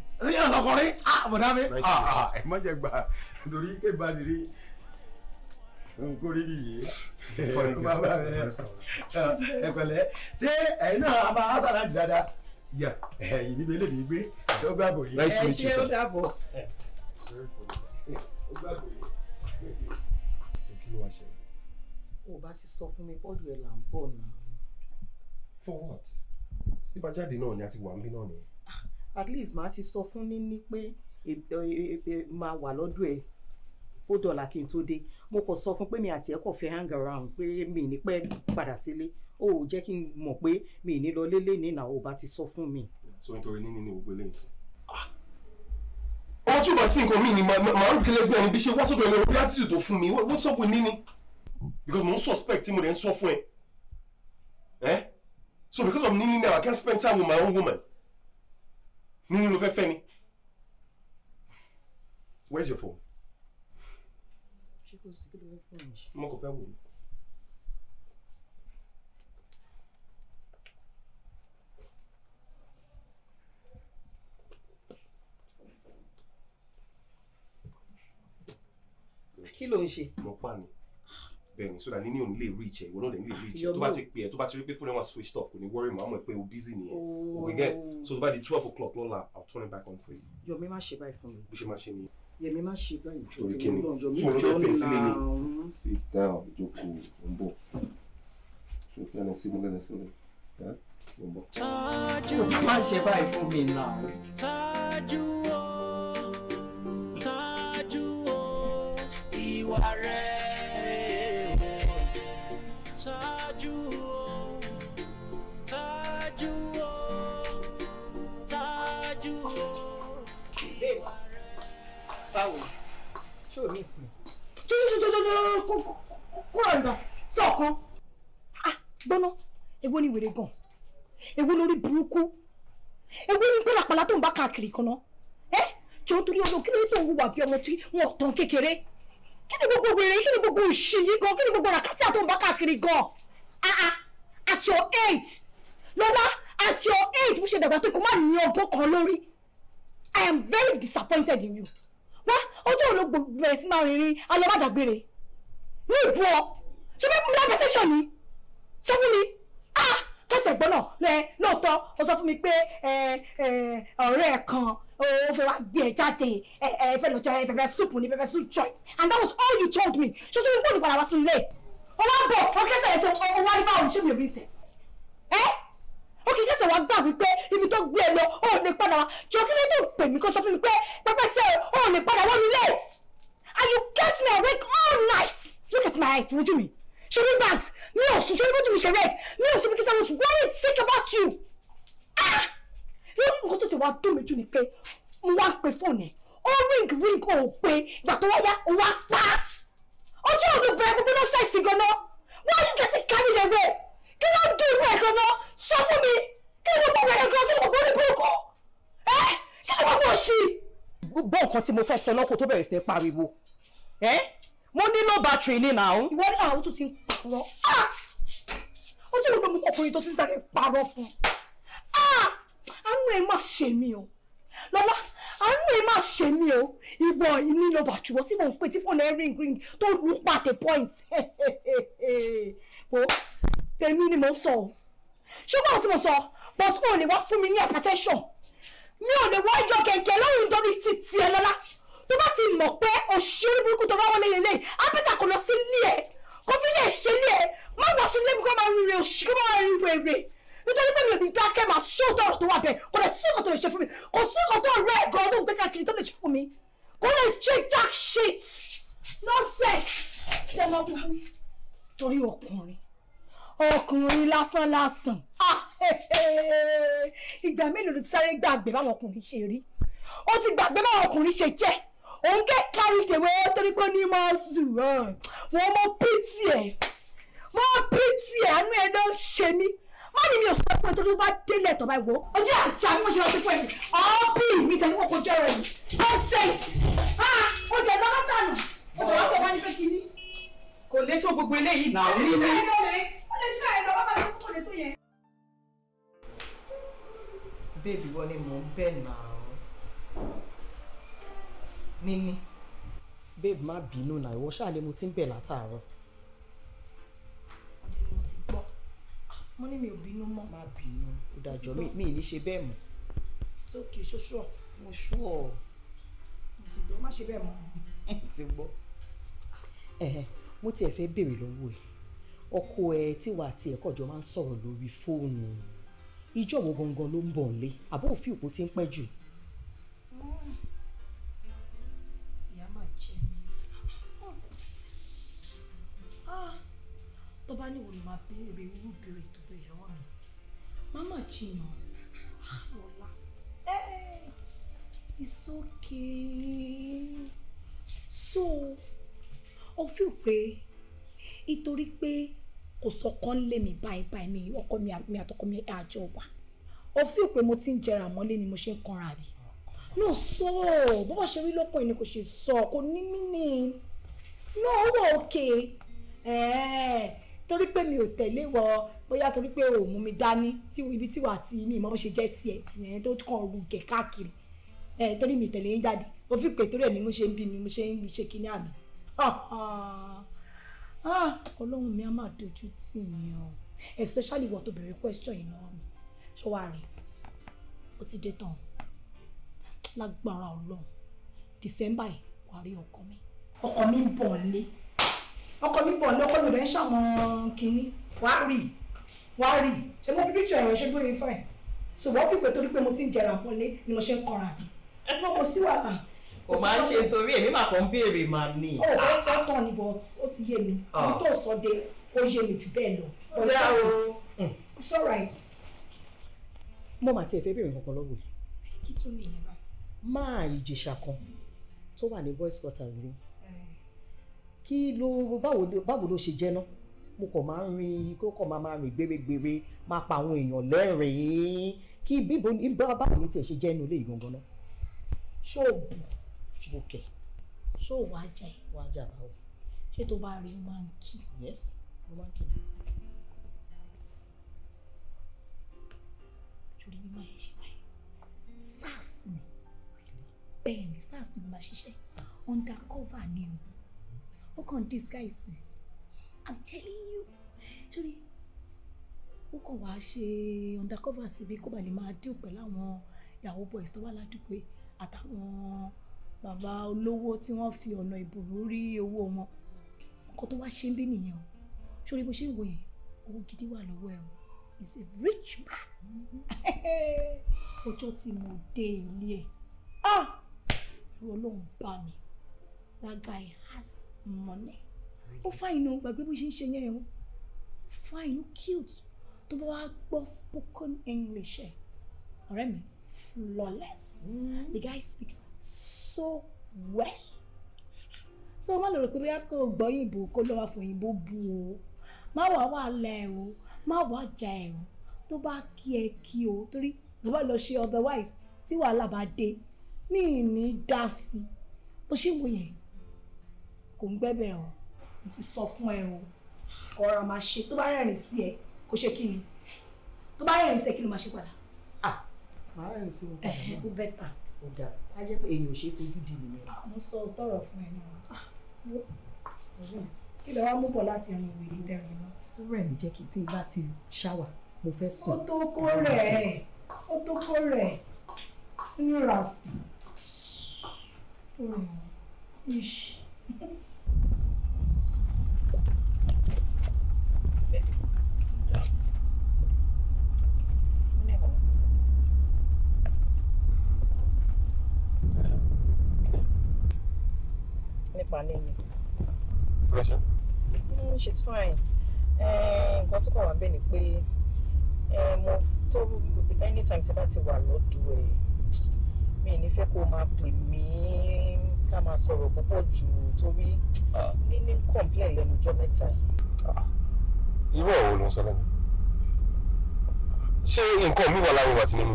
[SPEAKER 1] ọkùnrin ah bọ̀dá mi ah,
[SPEAKER 4] ah, ẹ má jẹ gbà nítorí kébà ti rí nǹkan rí nìyí bàbá rẹ ẹ pẹ̀lẹ́ ṣé ẹ̀yin náà a máa sára di dáadáa yà ẹ̀yin níbi eléyìí gbé ó gbàgbọ́ yìí ẹ ṣe ó dàbọ̀. ó gbàgbọ́ yìí. ṣé kí ló wá ṣẹlẹ̀.
[SPEAKER 1] o bá ti sọ fún mi pọ́ọ̀dù ẹ̀ là ń bọ̀ náà. for what?
[SPEAKER 6] síbájáde náà ni a ti wà ń bí náà nìyẹn. Ah,
[SPEAKER 1] at least màá ti sọ fún níní pé e, e, e, máa wà lọ́dọ̀ ẹ̀ ó dọ̀là kí n tó dé mo kàn sọ fún pé mi àti ẹ̀ kò fẹ́ hang around pé mi ní pẹ́ padà sílé ó ò jẹ́ kí n mọ̀ pé mi ní lọ lélẹ̀ ní ìnáwó bá ti sọ fún mi. so nítorí níní ni gbogbo eléyìí.
[SPEAKER 6] ọmọ tí o bá sí nǹkan mi ni màá rò kí lesbian níbi ṣe wá sọ́dọ̀ ẹ̀ lórí attitude tó fún mi what's up with níní because mo ń suspect tí mo dẹ̀ ń sọ fún ẹ. Eh? So because of Nini now, I can't spend time with my own woman. Nini ló fẹ́ fẹ́ mi. Where's your phone?
[SPEAKER 1] kò sí kí ló fẹ́ fún
[SPEAKER 6] mi. mo kò fẹ́ wò ó. kí ló ń ṣe. mo pa ni bẹ́ẹ̀ ni so that nínú òní lè rí ìjẹ ìwọ náà lè ní lè rí ìjẹ tó bá ti pè ẹ tó bá ti rí pé fúnra wa switched off kò ní worry mọ́ àmọ́ pé o busy nìyẹn o we so tó bá di twelve o'clock lọ́la I'll turn it back on for you.
[SPEAKER 1] Yomi má ṣe báyìí fún mi. bó ṣe máa ṣe nìyẹn yẹmi má ṣe báyìí jù kí ni tí mo lọ fẹ́ sílé ni
[SPEAKER 6] sit down jókòó ń bọ̀ ṣe kí ẹni sí mi lẹ́nu sílẹ̀ ń bọ̀. má
[SPEAKER 2] ṣe báyìí fún mi náà.
[SPEAKER 1] kúrò nígbà sọ̀kan gbọ́ná èwo ni wèrè gan èwo lórí burúkú èwo ni pàlàpàlà tó ń bá káàkiri kan náà ẹ jọ̀ọ́ torí kí ló tó ń wùwà bí ọmọ tí wọn tán kékeré kí ni gbogbo wèrè kí ni gbogbo òṣì yìí gan kí ni gbogbo ràkátì àtọ̀ ń bá káàkiri gan ah, ah at your age lọ́wọ́ at your age mo ṣe dàgbà tó kó má ní ọgbọ́n kan lórí I am very disappointed in you wá ọjọ́ òun ló bẹ̀rẹ̀ sí máa rìnrìn alọ́bàdàgbére ní ìbú ọ ṣé fẹ́ fún mi lápẹ́tẹ́sọ̀ ni sọ fún mi ah kẹsẹ̀ gbọ́n náà lẹ lóòótọ́ o sọ fún mi pé ọ̀rẹ́ ẹ̀ kan o fẹ́ wá gbé ẹ jáde ẹ ẹ fẹ́ lọ jẹ pẹpẹ soup ni pẹpẹ soup joint and that was all you told me ṣé sọ fún mi kó o ní padà wá sí ilé o wá bọ̀ o kẹsẹ̀ ẹsẹ̀ o wá ní báwo ṣé mi ò bí sẹ̀ ẹ́ ó kì í kẹsẹ̀ wá gbà wípé ibi tó gbé ẹ lọ o ò ní padà wá jọ kí ló dé pè mí kó sọ fún mi pé pẹpẹ sẹ ò ní padà wọ́n nílé and you kept me awake all night look at my eyes wojú mi ṣorí bags mi ò sùn ṣorí bójú mi ṣe red mi ò sùn because I was worried sick about you ah lórí nǹkan tó ti wá dùn mí jù ni pé mo wá pe fóònù ẹ ó ring ring ó pe ìgbà tó wáyá ó wá pa ojú òun bẹ̀rẹ̀ gbogbo náà ṣàìsí gan-an wọ́n yí kẹ́tì kárí lè wẹ̀ kí ló ń dùn ìwé gan-an sọ fún mi kí ló gbogbo rẹ̀ gan-an kí ló gbogbo rẹ̀ burúkú ẹ kí ló gbogbo òṣì. gbọ́ nǹkan tí mo fẹ́ sọ lọ́kọ̀ tó bẹ̀rẹ̀ sí pariwo Eh? mo nílò battery ni now. ìwọ náà àwọn tó ti ń parọ́ ojú ìwé mú ọkùnrin tó ti ń sáré parọ́ fún ah! àánú ẹ má ṣe mí o lọ́lá àánú ẹ má ṣe mí o ìwọ nílò battery wọ́n tí mò ń pè tí fóònù ẹ ring ring tó lù pàtẹ point o tèmi ni mo sọ o ṣùgbọ́n àwọn tí mo sọ but kò lè wá fún mi ní hypertension mi ò lè wá ẹjọ́ kẹ̀kẹ́ lórí nítorí títí ẹ lọ́lá tó bá ti mọ̀ pé òṣìṣẹ́ oníburúkú tó bá wọlé lélẹ̀ abẹ́ta kò lọ sí ilé ẹ̀ kò fi lè ṣe ilé ẹ̀ má wọ sí ilé kó máa rire òṣìṣẹ́ kó máa rire rè nítorí pé mi ò ní dákẹ́ máa sóòtọ́ ọ̀rọ̀ tó wà bẹ́ẹ̀ kò lè sí nǹkan tó fún mi kò sí nǹkan tó rẹ̀ gan gbé káàkiri tó lè ṣe fún mi kò lè ṣe jack shit nonsense torí ọkùnrin ọkùnrin lásán lásán ah, ìgbà mélòó ló ti sáré gbàgbé báwọn ọkùnrin ṣe rí ó ti gbàgbé báwọn ọkùnrin ṣe jẹ́ òun get carried away torí pé ní mọ́ zù wọ́n mọ pítì ẹ̀ wọ́n pítì ẹ̀ àánú ẹ̀ ló ṣe mí má ní mi ò sọ fún ẹ tó ló bá délẹ̀ tó bá wò ó. ojú àjà mi mo ṣe lọ sí fún ẹ ọ́ọ́bì mi tẹ̀lé wọn kò jẹ́ ọ̀rọ̀ yìí perfect ó ah, jẹ́ lọ́kàtà nù ọ̀dọ̀ wọn kò wá ní pé kínní. kò lè tó gbogbo eléyìí náà ó ní ní. ó lè ni mò ń bẹ̀ náà níní. babe má bínú náà ìwọ ṣáà lè mo ti ń bẹ̀ látàárọ̀. ọ̀dẹ̀ ni mo ti gbọ́ ah, mo ní mi ò bínú mọ́. má bínú ó dájọ́ mi ì ní ṣe bẹ́ẹ̀ mọ́. tó kì í ṣoṣọ. mo ṣọ́ ọ. mo ti gbọ́ má ṣe bẹ́ẹ̀ mọ́. mo ti gbọ́. mo tiẹ̀ fẹ́ béèrè lọ́wọ́ ẹ̀ ọkọ ẹ tíwa àti ẹ̀kọ́ jọ máa ń sọ̀rọ̀ lórí fóònù ìjọ́wọ́ gangan ló ń bọ̀ ọ́lé àbọ̀ òfin òpó ti ń pẹ́ jù. Mm. tó bá ní ìwọ ló máa béèrè irú ìbéèrè tó béèrè lọ́wọ́ mi màmá jiyàn ah, ọ̀la eh, it's okay so ó fi pé nítorí pé kò sọkọ ń lé mi báyìí báyìí mi ọkọ mi àtọkọ mi àjọ wà ó fi pé mo ti ń jẹrà mọ́lé ni mo ṣe ń kanra mi no so bó bá ṣe rí lọ́kàn yìí ni kò ṣe sọ kò ní mí ni no ó wà òkè eh, torí pé mi ò tẹ̀lé wọ bóyá torí pé o ò mú mi dání tí ibi tí wà tí mi ìmọ̀ bó ṣe jẹ́ sí ẹ yẹn tó kàn rú gẹ̀ káàkiri ẹ torí mi tẹ̀lé yín jáde òfin pè torí ẹ̀ ni mo ṣe ń bí mi mo ṣe ń ṣe kíní àmì ọlọ́run mi á máa dojú tì yín o especially wọ́n tó bèrè question yìí lọ́wọ́ mi ṣọwárì ó ti dé tán lágbára ọlọ́run December yìí wàá rí ọkọ mi ọkọ mi ń bọ̀ lé ọkọ mi pọ̀ ní ọkọ mi rẹ̀ ń ṣàwọn kínní wàá rí wàá rí ṣe mo fi picture ẹ̀yọ́ ṣe gbóyè fine so wọ́n fi pé torí pé mo ti ń jẹrà mọ́lé ni mo ṣe ń kọra mi wọ́n kò sí wàhálà. kò máa ń ṣe torí èmi mà kàn ń béèrè mà ní. ó fẹ́ sọ́tàn ni but ó ti yé mi ibi ah. tó sọ dé ó yé mi jù bẹ́ẹ̀ lọ. ọ̀dà o it's alright. mo mà tiẹ̀ fẹ́ béèrè kankan lọ́wọ́ yìí. kí tún nìyẹn báyìí. máa ìjìṣà kan tó wà ní boys quarters kí ló báwo báwo ló ṣe jẹ́ náà mo kàn máa ń rin kó kàn máa máa rìn gbèrègbèrè máa pa àwọn èèyàn lẹ́rìn-ín kí bíbo báwo ni tiẹ̀ ṣe jẹ́ inú ilé yìí náà. ṣó o bù bù kẹ̀. ṣó o wá báwo. ṣé tó bá rí o máa ń kí. yes mo máa ń kí ni. torí mímọ ẹ ṣe wáyé sars ni bẹ́ẹ̀ ni sars ni mo máa ṣiṣẹ́ ah. undercover ni o ó kàn disguise ni i'm telling you sori ó can wash it undercover síbi kó ba lè máa dín pẹ̀lú àwọn ìyàwó boys tó wà ládùúgbò àtàwọn bàbá olówó tí wọ́n fi ọ̀nà ìbòrò rí owó wọn nǹkan tó wá ṣe ń bí nìyẹn o sori bó ṣe ń wò yẹn owó gidi wà lọ́wọ́ ẹ̀ a rich man ọjọ́ tí mo dé ilé ah ìwọ ló ń bá that guy has money ó fáìnù gbàgbé bó ṣe ń ṣe yẹn o fáìnù cute tó bá wá gbọ́ spoken english ẹ̀ ọ̀rẹ́ mi flawless mm. the guy speaks so well so má lè rò pé bóyá kò gbọ́ òyìnbó kó lọ́wọ́ àfòyìnbó bu o má wàá wà lẹ̀ o má wàá jà ẹ̀ o tó bá kí ẹ kí o torí tó bá lọ ṣe otherwise tí wàhálà bá dé mí ní dá sí bó ṣe wò yẹn kò ń gbẹ́bẹ̀ o mo ti sọ fún ẹ o ọ̀rọ̀ máa ṣe tó bá rẹ̀rìn sí ẹ kó ṣe kí ni tó bá rẹ̀rìn sí ẹ kí ló máa ṣe padà. ah màá rẹ̀rìn sí wọn padà náà ó bẹ́ẹ̀ tà. a jẹ́ pé èèyàn ò ṣe é fojú di nìyẹn. Ah, mo sọ tọrọ fún ẹ náà ah, kí ló wá mú bọ̀ láti rin ìwé dẹ́rìn náà. ó rẹ̀ mí jẹ́ kí tí n bá ti ṣáwà mo fẹ́ sùn. ó tó kó rẹ̀ ẹ́ ó tó kó rẹ̀ ẹ́ nínú ràásì. nípa níní. Russia? Mm, she's fine. Eh, nǹkan tó kàn wá bẹ́ẹ̀ ni pé eh, mo tó anytime tí bá ti wà lọ́dọ̀ ẹ̀ mi ní fẹ́ kó máa pè mí ká máa sọ̀rọ̀ púpọ̀ jù torí ah. níní complain lẹ́nu ọjọ́ mẹ́ta yìí. Ah. Irú ọ̀rọ̀ ló ń sọ lẹ́nu. Ṣé nǹkan mi wà láwọn ìwà tí nínú?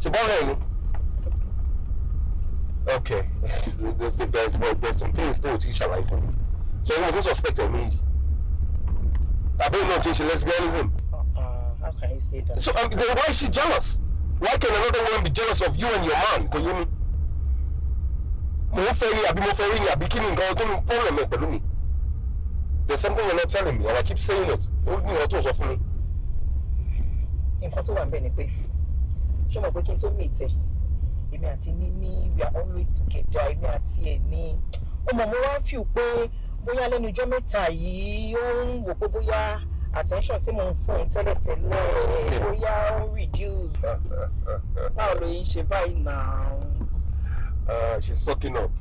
[SPEAKER 1] Ṣé bọ́ọ̀rẹ́ ni?
[SPEAKER 6] Okay. the, the, the, there's some things still teach her life for me. So everyone's just suspect of me. I don't know teach lesbianism.
[SPEAKER 5] Uh-uh. How can you say
[SPEAKER 6] that? So um, then why is she jealous? Why can another woman be jealous of you and your man? Can you mean? Mo ń be rí àbí be killing. rí ni àbí problem ẹ̀ pẹ̀lú There's something you're not telling me and I keep saying it. Ó ní ọ̀rọ̀ tó sọ fún mi.
[SPEAKER 1] Nǹkan tó wà ń bẹ̀ ni pé ṣé o èmi àti níní we are always together èmi àti ẹni ọmọ mo wá ń fi pé bóyá lẹ́nu ọjọ́ mẹ́ta yìí ó ń wò pé bóyá attention tí mo ń fún un tẹ́lẹ̀tẹ́lẹ̀ bóyá ó
[SPEAKER 6] ń reduce báwo ló yín ṣe báyìí náà. Ah, she's sucking up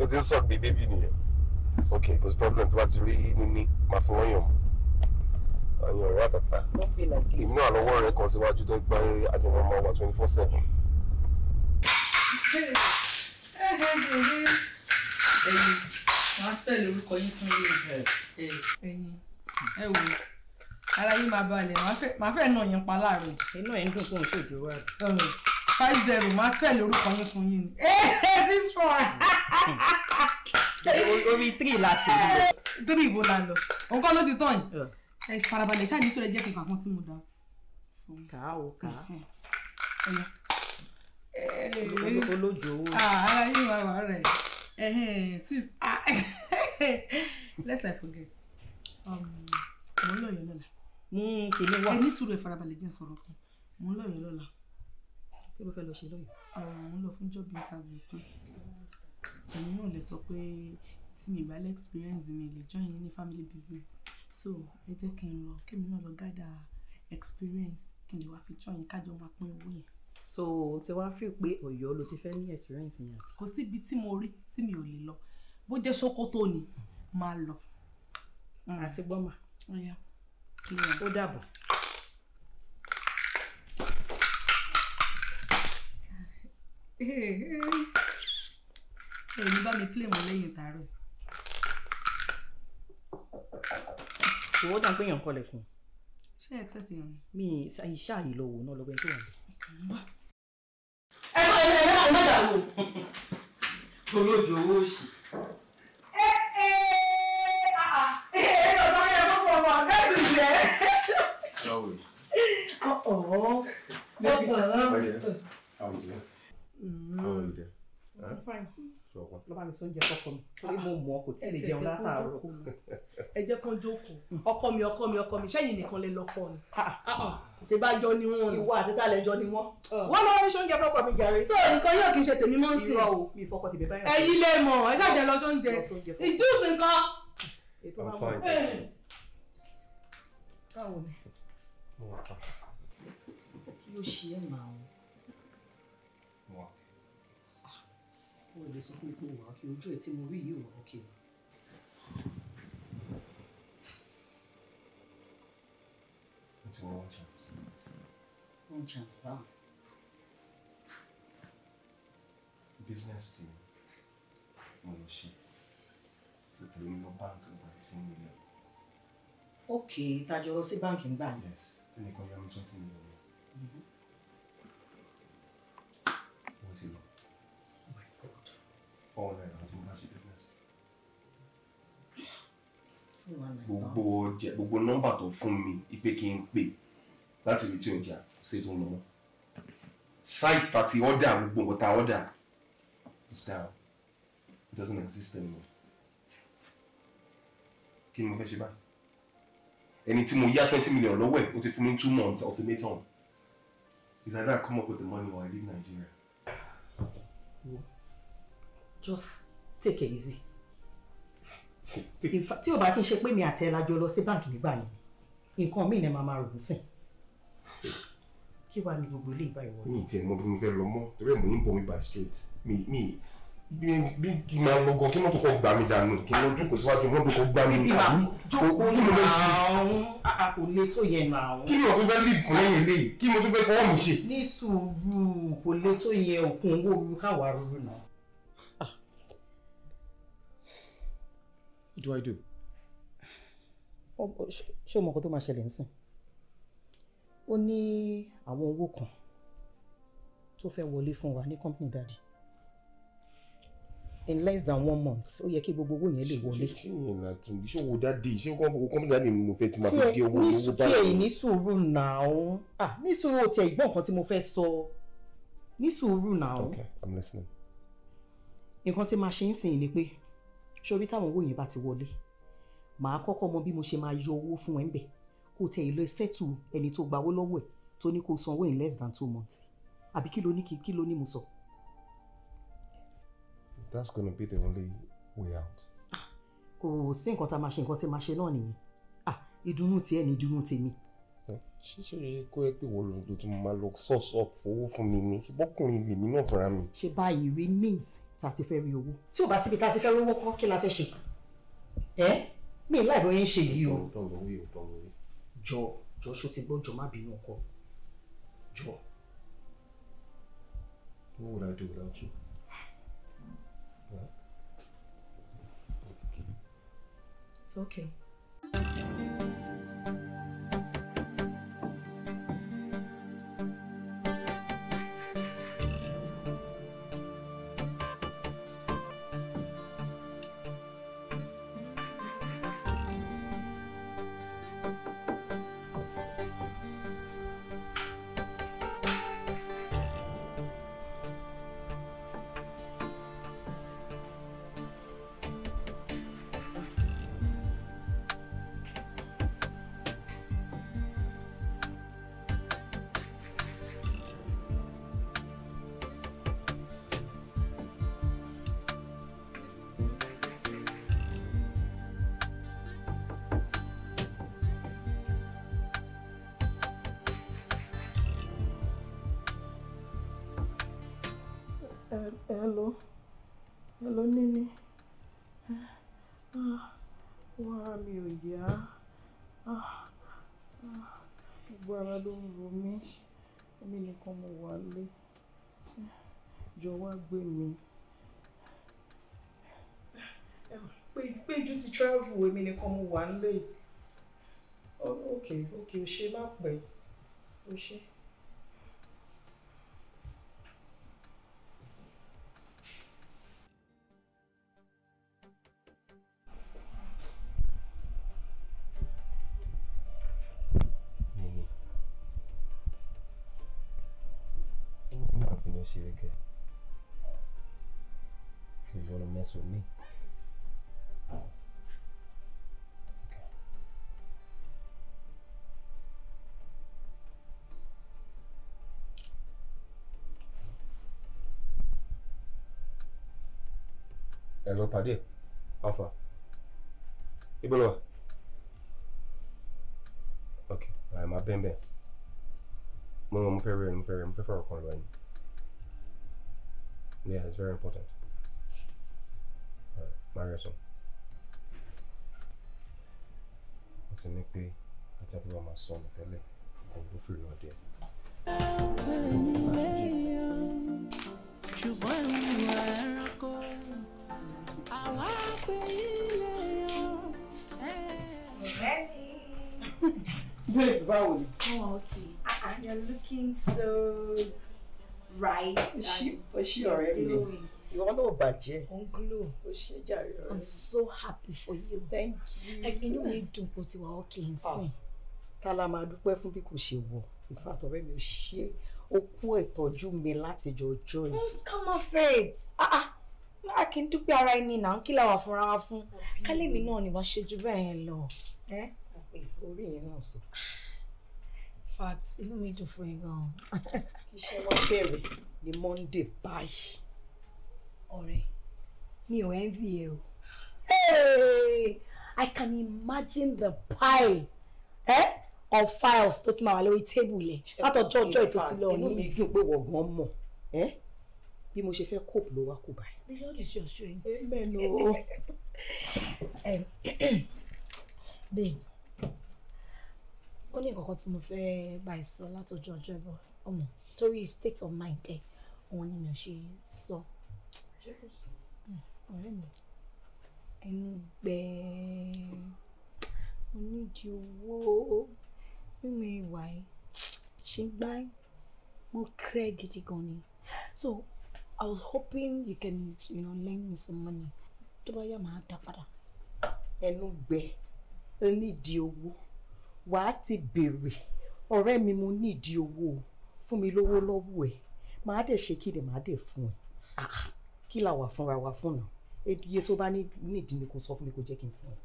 [SPEAKER 6] ó ti ń sọ bí bébí nìyẹn ok kò problem tó bá ti rí níní máa fún wọn yàn mọ́ àyàn ọ̀rẹ́ àtàtà inú àlọ́wọ́ rẹ̀ kan síwájú tó gbá àjọmọ́ ọmọ wa twenty four seven
[SPEAKER 1] ẹyin wọn spell orúkọ yín fún yín ẹyin ẹ wò ara yín máa balẹ̀ màá fẹ́ náà yẹn pa láàrin. iná ẹ̀ ń dùn fún òṣèlú wa. five zero màá spell orúkọ yín fún yín. this one. orí three la ṣe nílẹ̀. torí ìbò la lọ òun kọ́ ló ti tán yìí. ẹ farabalẹ̀ ṣáà ní sọ̀rọ̀ jẹ́ kí n kàkún tí mo dá. kà á o kà á lójó. Ah, ara yín wà wà rẹ̀ ah, let's not forget um, mo ń lọ yọ lọ́la. mú kìnní wá. ẹ ní sùúrù ẹ farabalẹ̀ jẹ́ sọ̀rọ̀ kan mo ń lọ yọ lọ́la. kí ló fẹ́ lọ ṣe lọ́yọ̀. ọ̀rọ̀ ah, mo ń lọ fún job interview kan ẹ̀yin náà lè sọ pé tí mi bá experience mi lè join yín ní family business so ẹ jẹ́ kí n lọ kémi náà lọ gádà experience kí n lè wá fi join kájọ máa pín owó yẹn so tí wàá fi pé Ọ̀yọ́ ló ti fẹ́ ní experience yẹn. kò síbi tí mo rí tí mi ò lè lọ bó jẹ́ Sokoto ni máa lọ. Mm. àti gbọ́mà ó dàbọ̀. èmi bá mi play mọ́ lẹ́yìn tààrọ̀. ìwọ dà pé èèyàn kọlẹ̀kùn. ṣé ẹ̀ ṣẹ́ ti rìn. mi ìṣáàyè lọ wò náà lọ́gbẹ́ni tó wà
[SPEAKER 2] lọ ẹ̀rẹ̀
[SPEAKER 1] ẹ̀rẹ̀ máa ń gbàgbà wò. olóòjò owó òsì.
[SPEAKER 2] ẹ ẹ ẹ ẹ lọ sọ yẹ fún bọ̀bọ̀ bẹ́ẹ̀sì jẹ́.
[SPEAKER 1] ọ̀ọ́ bẹ́ẹ̀ bọ̀ ọ́. How are you? Mm. How are
[SPEAKER 6] you? Huh? Fine lọ
[SPEAKER 1] bá mi sọ oúnjẹ fọkọ mi torí mo mọ kò tí ì lè jẹun látàárọ̀. ẹ jẹ́ kán jókòó ọkọ mi ọkọ mi ọkọ mi sẹ́yìn nìkan lè lọ́kọ ni ah, ah. ṣe bá jọ ni wọn. ìwọ àti tálẹ̀ jọ ni wọn. wọ́n lọ́wọ́ mi sọ́njẹ fọkọ mi jàre. sọ nǹkan yóò kí n ṣe tèmi mọ́ sí. irọ́ o mi fọkọ tèmi báyọ̀. ẹ̀yin lè mọ̀ ẹ ṣàjẹ́ lọ sọ́njẹ ìjúùsì nǹkan. ètò bá wọn. Eh. báwo ni. yóò ṣe é màá o lè sọ fún mi pé òun àáké ojú ẹ̀ tí mo rí yìí òun àáké o.
[SPEAKER 6] It's one chance.
[SPEAKER 1] One chance báwo. Business tí mo lọ ṣe tó tẹ̀lé lọ báńkì gba fifteen million. Okay, tajọ lọ sí báńkì ń gbà. Yes, ẹnìkan yá mi twenty million. Mm-hmm.
[SPEAKER 6] online àti mo bá ṣe business. gbogbo ọjà gbogbo nọ́mbà tó fún mi ipe kí n pè láti rí tí ọjà kò sí tó ń lọ mọ́ site tàti order gbogbo nǹkan tá a order is down it doesn't exist anymore kí ni mo fẹ́ ṣe báyìí ẹni tí mo yá twenty million lọ́wọ́ ẹ̀ ó ti fún mi two months ultimatum is either I come up with the money or I leave Nigeria.
[SPEAKER 1] Yeah just take it easy in fact tí o bá kí n ṣe pé mi àti ẹ la jọ lọ sí báǹkì nígbà yẹn nǹkan míì ní ẹ máa máa rò ń sìn kí wàá ní gbogbo ilé ìbá ìwọ. mi ì
[SPEAKER 6] tiẹ̀ mọ bí mo fẹ́ lọ mọ́ torí ẹ̀ mò ń bọ̀ mi by straight mi mi bí kí n máa lọ gan kí mọ́tò kan gbà mí dànù kí n lọ jókòó
[SPEAKER 4] síwájú mọ́tò kan gbà mí dànù.
[SPEAKER 1] jókòó nà áhùn a kò lè tó yẹn nà áhùn. kí ni mo tún fẹ́ leave fún lẹ́yìn eléyìí What do I do? Ṣé o mọ̀ kó tó máa ṣẹlẹ̀ nísìn? Ó ní àwọn owó kan tó fẹ́ wọlé fún wa ní company daddy. In less than one month, ó yẹ kí gbogbo owó yẹn lè wọlé.
[SPEAKER 6] Ṣé ìyẹn náà tún ṣé owó dáadé ṣé company daddy mo fẹ́ tún máa fi dé owó owó báyìí? Tí ẹ ní
[SPEAKER 1] sùúrù náà ó ní sùúrù tí ẹ gbọ́ nǹkan tí mo fẹ́ sọ ní sùúrù náà ó. Okay, I'm listening. Nǹkan tí màá ṣe ń sìn ni pé ṣorí táwọn owó yẹn bá ti wọlé màá kọ́kọ́ mọ bí mo ṣe máa yọ owó fún ẹ ń bẹ̀ tẹ ìlọ ṣẹ́tù ẹni tó gbawó lọ́wọ́ ẹ̀ tó ní kó sanwó in less than two months àbí kí ló ní kí ló ní mo sọ.
[SPEAKER 6] that's gonna be the only way out. Ah,
[SPEAKER 1] kò sí nǹkan tá a máa ṣe nǹkan tí a máa ṣe náà nìyẹn ah, ìdùnnú tiẹ̀ ní ìdùnnú tèmi ṣíṣe yẹ
[SPEAKER 6] kó ẹ pé wọ́n lòdò tí máa lọ sọ́ọ̀sọ̀ fowó fún mi ni ṣùgbọ́n ọkùnrin lèmi náà fúnra mi.
[SPEAKER 1] ṣe báyìí rí means tá a ti fẹ́ rí owó tí ò bá síbi tá a ti fẹ́ rówó kọ́ kí la fẹ́ ṣe ẹ́ mi ì láì bóyá ṣe yìí o jọ jọ ṣó ti gbọ́ jọ má bínú ọkọ jọ. What would
[SPEAKER 4] I do without you? What?
[SPEAKER 1] It's okay. ara mi ò yá ah, ah, gbogbo ara ló ń ro mí èmi nìkan mo wà lé jọ wá gbé mi. péjú ti travel èmi nìkan mo wà lé oh, ok ok o ṣe má pẹ́ o ṣe.
[SPEAKER 6] mess with me. Okay. Hello, Paddy. Alpha. Ibo lo wà? Okay, báyìí máa bẹ́ẹ̀ bẹ́ẹ̀. Mo mọ̀ mo fẹ́ rẹ̀ mo fẹ́ rẹ̀ mo fẹ́ fọ̀rọ̀ kan lọ yìí. Yeah, it's very important. Marioson. Ó ti ní pé ajá tó bá máa sọ ọmọ tẹ́lẹ̀ kò ló fìrì ọdẹ.
[SPEAKER 2] Ṣùgbọ́n ìwà ẹranko àwa pé
[SPEAKER 1] Oh, okay. Uh-uh, you're looking so right. Is she, is she already? Glowing. You náà bàjẹ́. on glow. i'm so happy for you. thank you. like inú mi dùn kó tiwa ọkẹ́ ń sìn. ta la máa dúpẹ́ fún bí kò ṣe In fact, bẹ́ẹ̀ mi ò ṣe ó told you me látijọ́ ọjọ́ yìí. Oh, come on faith ah, ah. a kì í dúpẹ́ ara ẹni now. kí la wà fúnra wa fún kálẹ̀mí náà ni wàá ṣe ju bẹ́ẹ̀ yẹn lọ. Eh? orí yẹn náà sọ. fact inú mi dùn fún You gan-an. iṣẹ́ wa bẹ̀rẹ̀ ní monday báyìí ọ̀rẹ́ mi ò envy ẹ o hey i can imagine the pie eh, of files tó ti máa wà lórí table ẹ látọjọ́ ọjọ́ ètò ti lọ ní. inú mi dùn pé wọ̀gán mọ̀ eh? bí mo ṣe fẹ́ cope ló wá kó báyìí. the lord is your strength. amen o. babe ó ní nǹkan kan tí mo fẹ́ báyìí sọ látọjọ́ ọjọ́ ẹ̀bọ̀ ọmọ torí state of mind ẹ̀ òun ni mi ò ṣe sọ. So ọ̀rẹ́ mi ẹnu gbẹ̀ẹ́ mo nídìí owó mímu ìwà ẹ̀ ṣe gbá mo crẹ́ gidi gan ni so I was hoping you can you know, lend me some money tó bá yá màá dá padà. ẹnu gbẹ ẹ nídìí owó wàá ti béèrè ọ̀rẹ́ mi mo nídìí owó fún mi lówó lọ́wọ́ ẹ̀ màá dẹ̀ ṣe kí ni màá dẹ̀ fún ẹ. Ah, kí la wà fúnra wa fún náà iye tó bá nídìí ni kò sọ fún mi kò jẹ́ kí n fún ọ.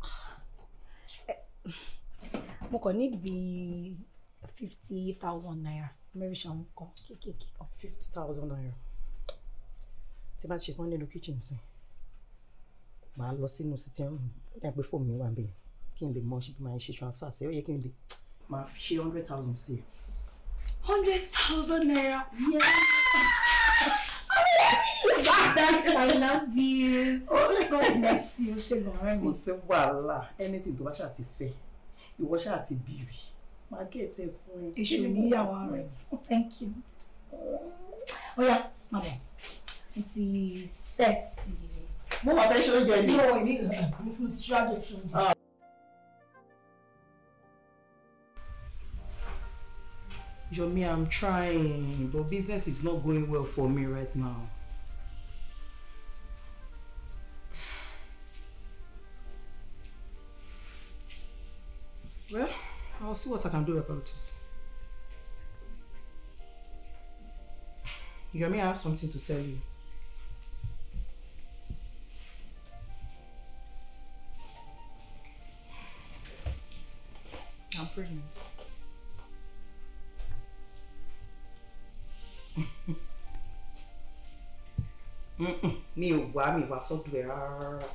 [SPEAKER 1] Ah, mo kàn ní bí fifty thousand naira mẹ́rin ṣàwọn kan kéékèèké kan. fifty thousand naira tí bá ṣetán nínú kitchen sí màá lọ sínú sitting room ẹ̀ pé fóònù mi wà níbẹ̀ kí n lè mọ ṣe bí màá ṣe transfer sí ó yẹ kí n lè máa fi ṣe hundred thousand sí i. hundred thousand naira. Yeah. That's I love you. God bless you. Ṣé gan rẹ̀ mi? Kò sí wàhálà anything tó bá ṣáà ti fẹ́, ìwọ ṣáà ti bìrì. Màá kẹ́ ẹ̀ tẹ́ fún ẹ. Èṣù níyàwó rẹ̀. Thank you. Ọya, màmá, mo ti sẹ́ẹ̀tì. Mo máa fẹ́ ṣe oúnjẹ ni. Yóò èmi eh, eh, mi ti mo ti ṣíwájú ṣe oúnjẹ. Ah. Yomi, I'm trying, but business is not going well for me right now. Well, I'll see what I can do about it. You may have something to tell you. I'm pregnant. Me, ò wá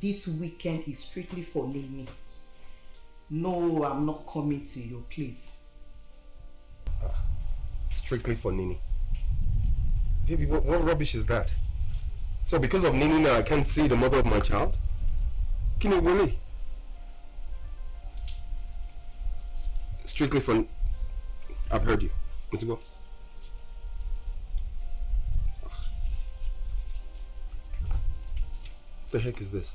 [SPEAKER 1] This weekend is strictly for Nini. No, I'm not coming to you, please.
[SPEAKER 6] Ah, strictly for Nini. Baby, what, what rubbish is that? So because of Nini now, I can't see the mother of my child? Kini Willie. Strictly for... I've heard you. Let's go. Ah. The heck is this?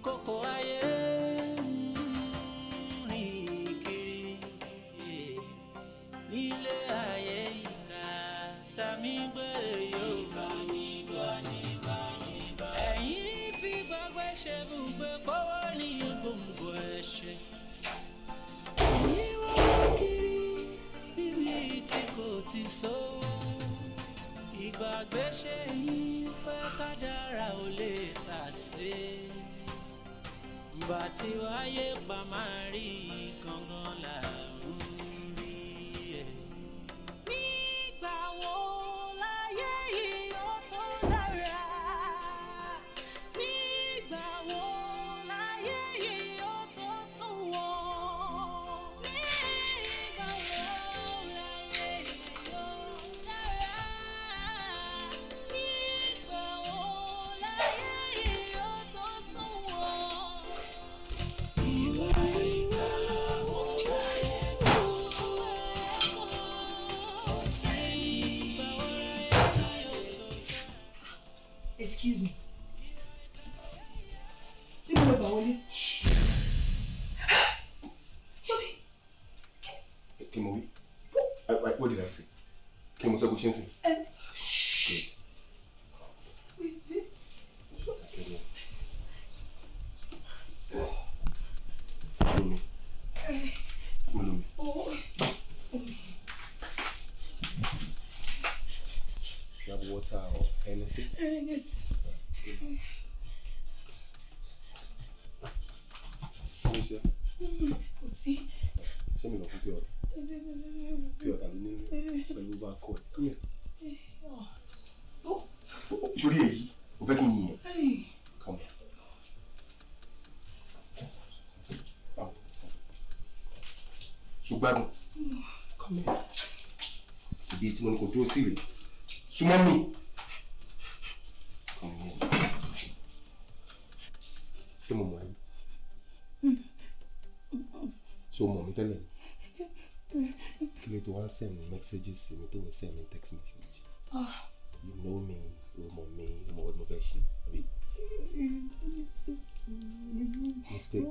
[SPEAKER 2] Koko ayé rìn kiri nílé ayé ìka tàmí gbé yóò bá mi gbọ́ nígbà yìí bá. ẹ̀yin fi gbàgbé ṣe bùgbé kówó ní gbòǹgbò ẹ̀ṣẹ̀. ẹ̀yin wọ́n kiri níbi tí kò ti sówó ìgbàgbé ṣe yín pẹ́ kádà. bàtí wáyé pa máa rí i.
[SPEAKER 1] Good.
[SPEAKER 6] mọ́mì. ṣé mo mọ̀ ẹ́ ṣé o mọ̀ mi tẹ́lẹ̀ kí ló tó wá ń send messages sí mi tó ń send mi text message ah. you know me o mọ̀ mi o mọ̀ ọdún mo fẹ́ ṣe àbí. mistake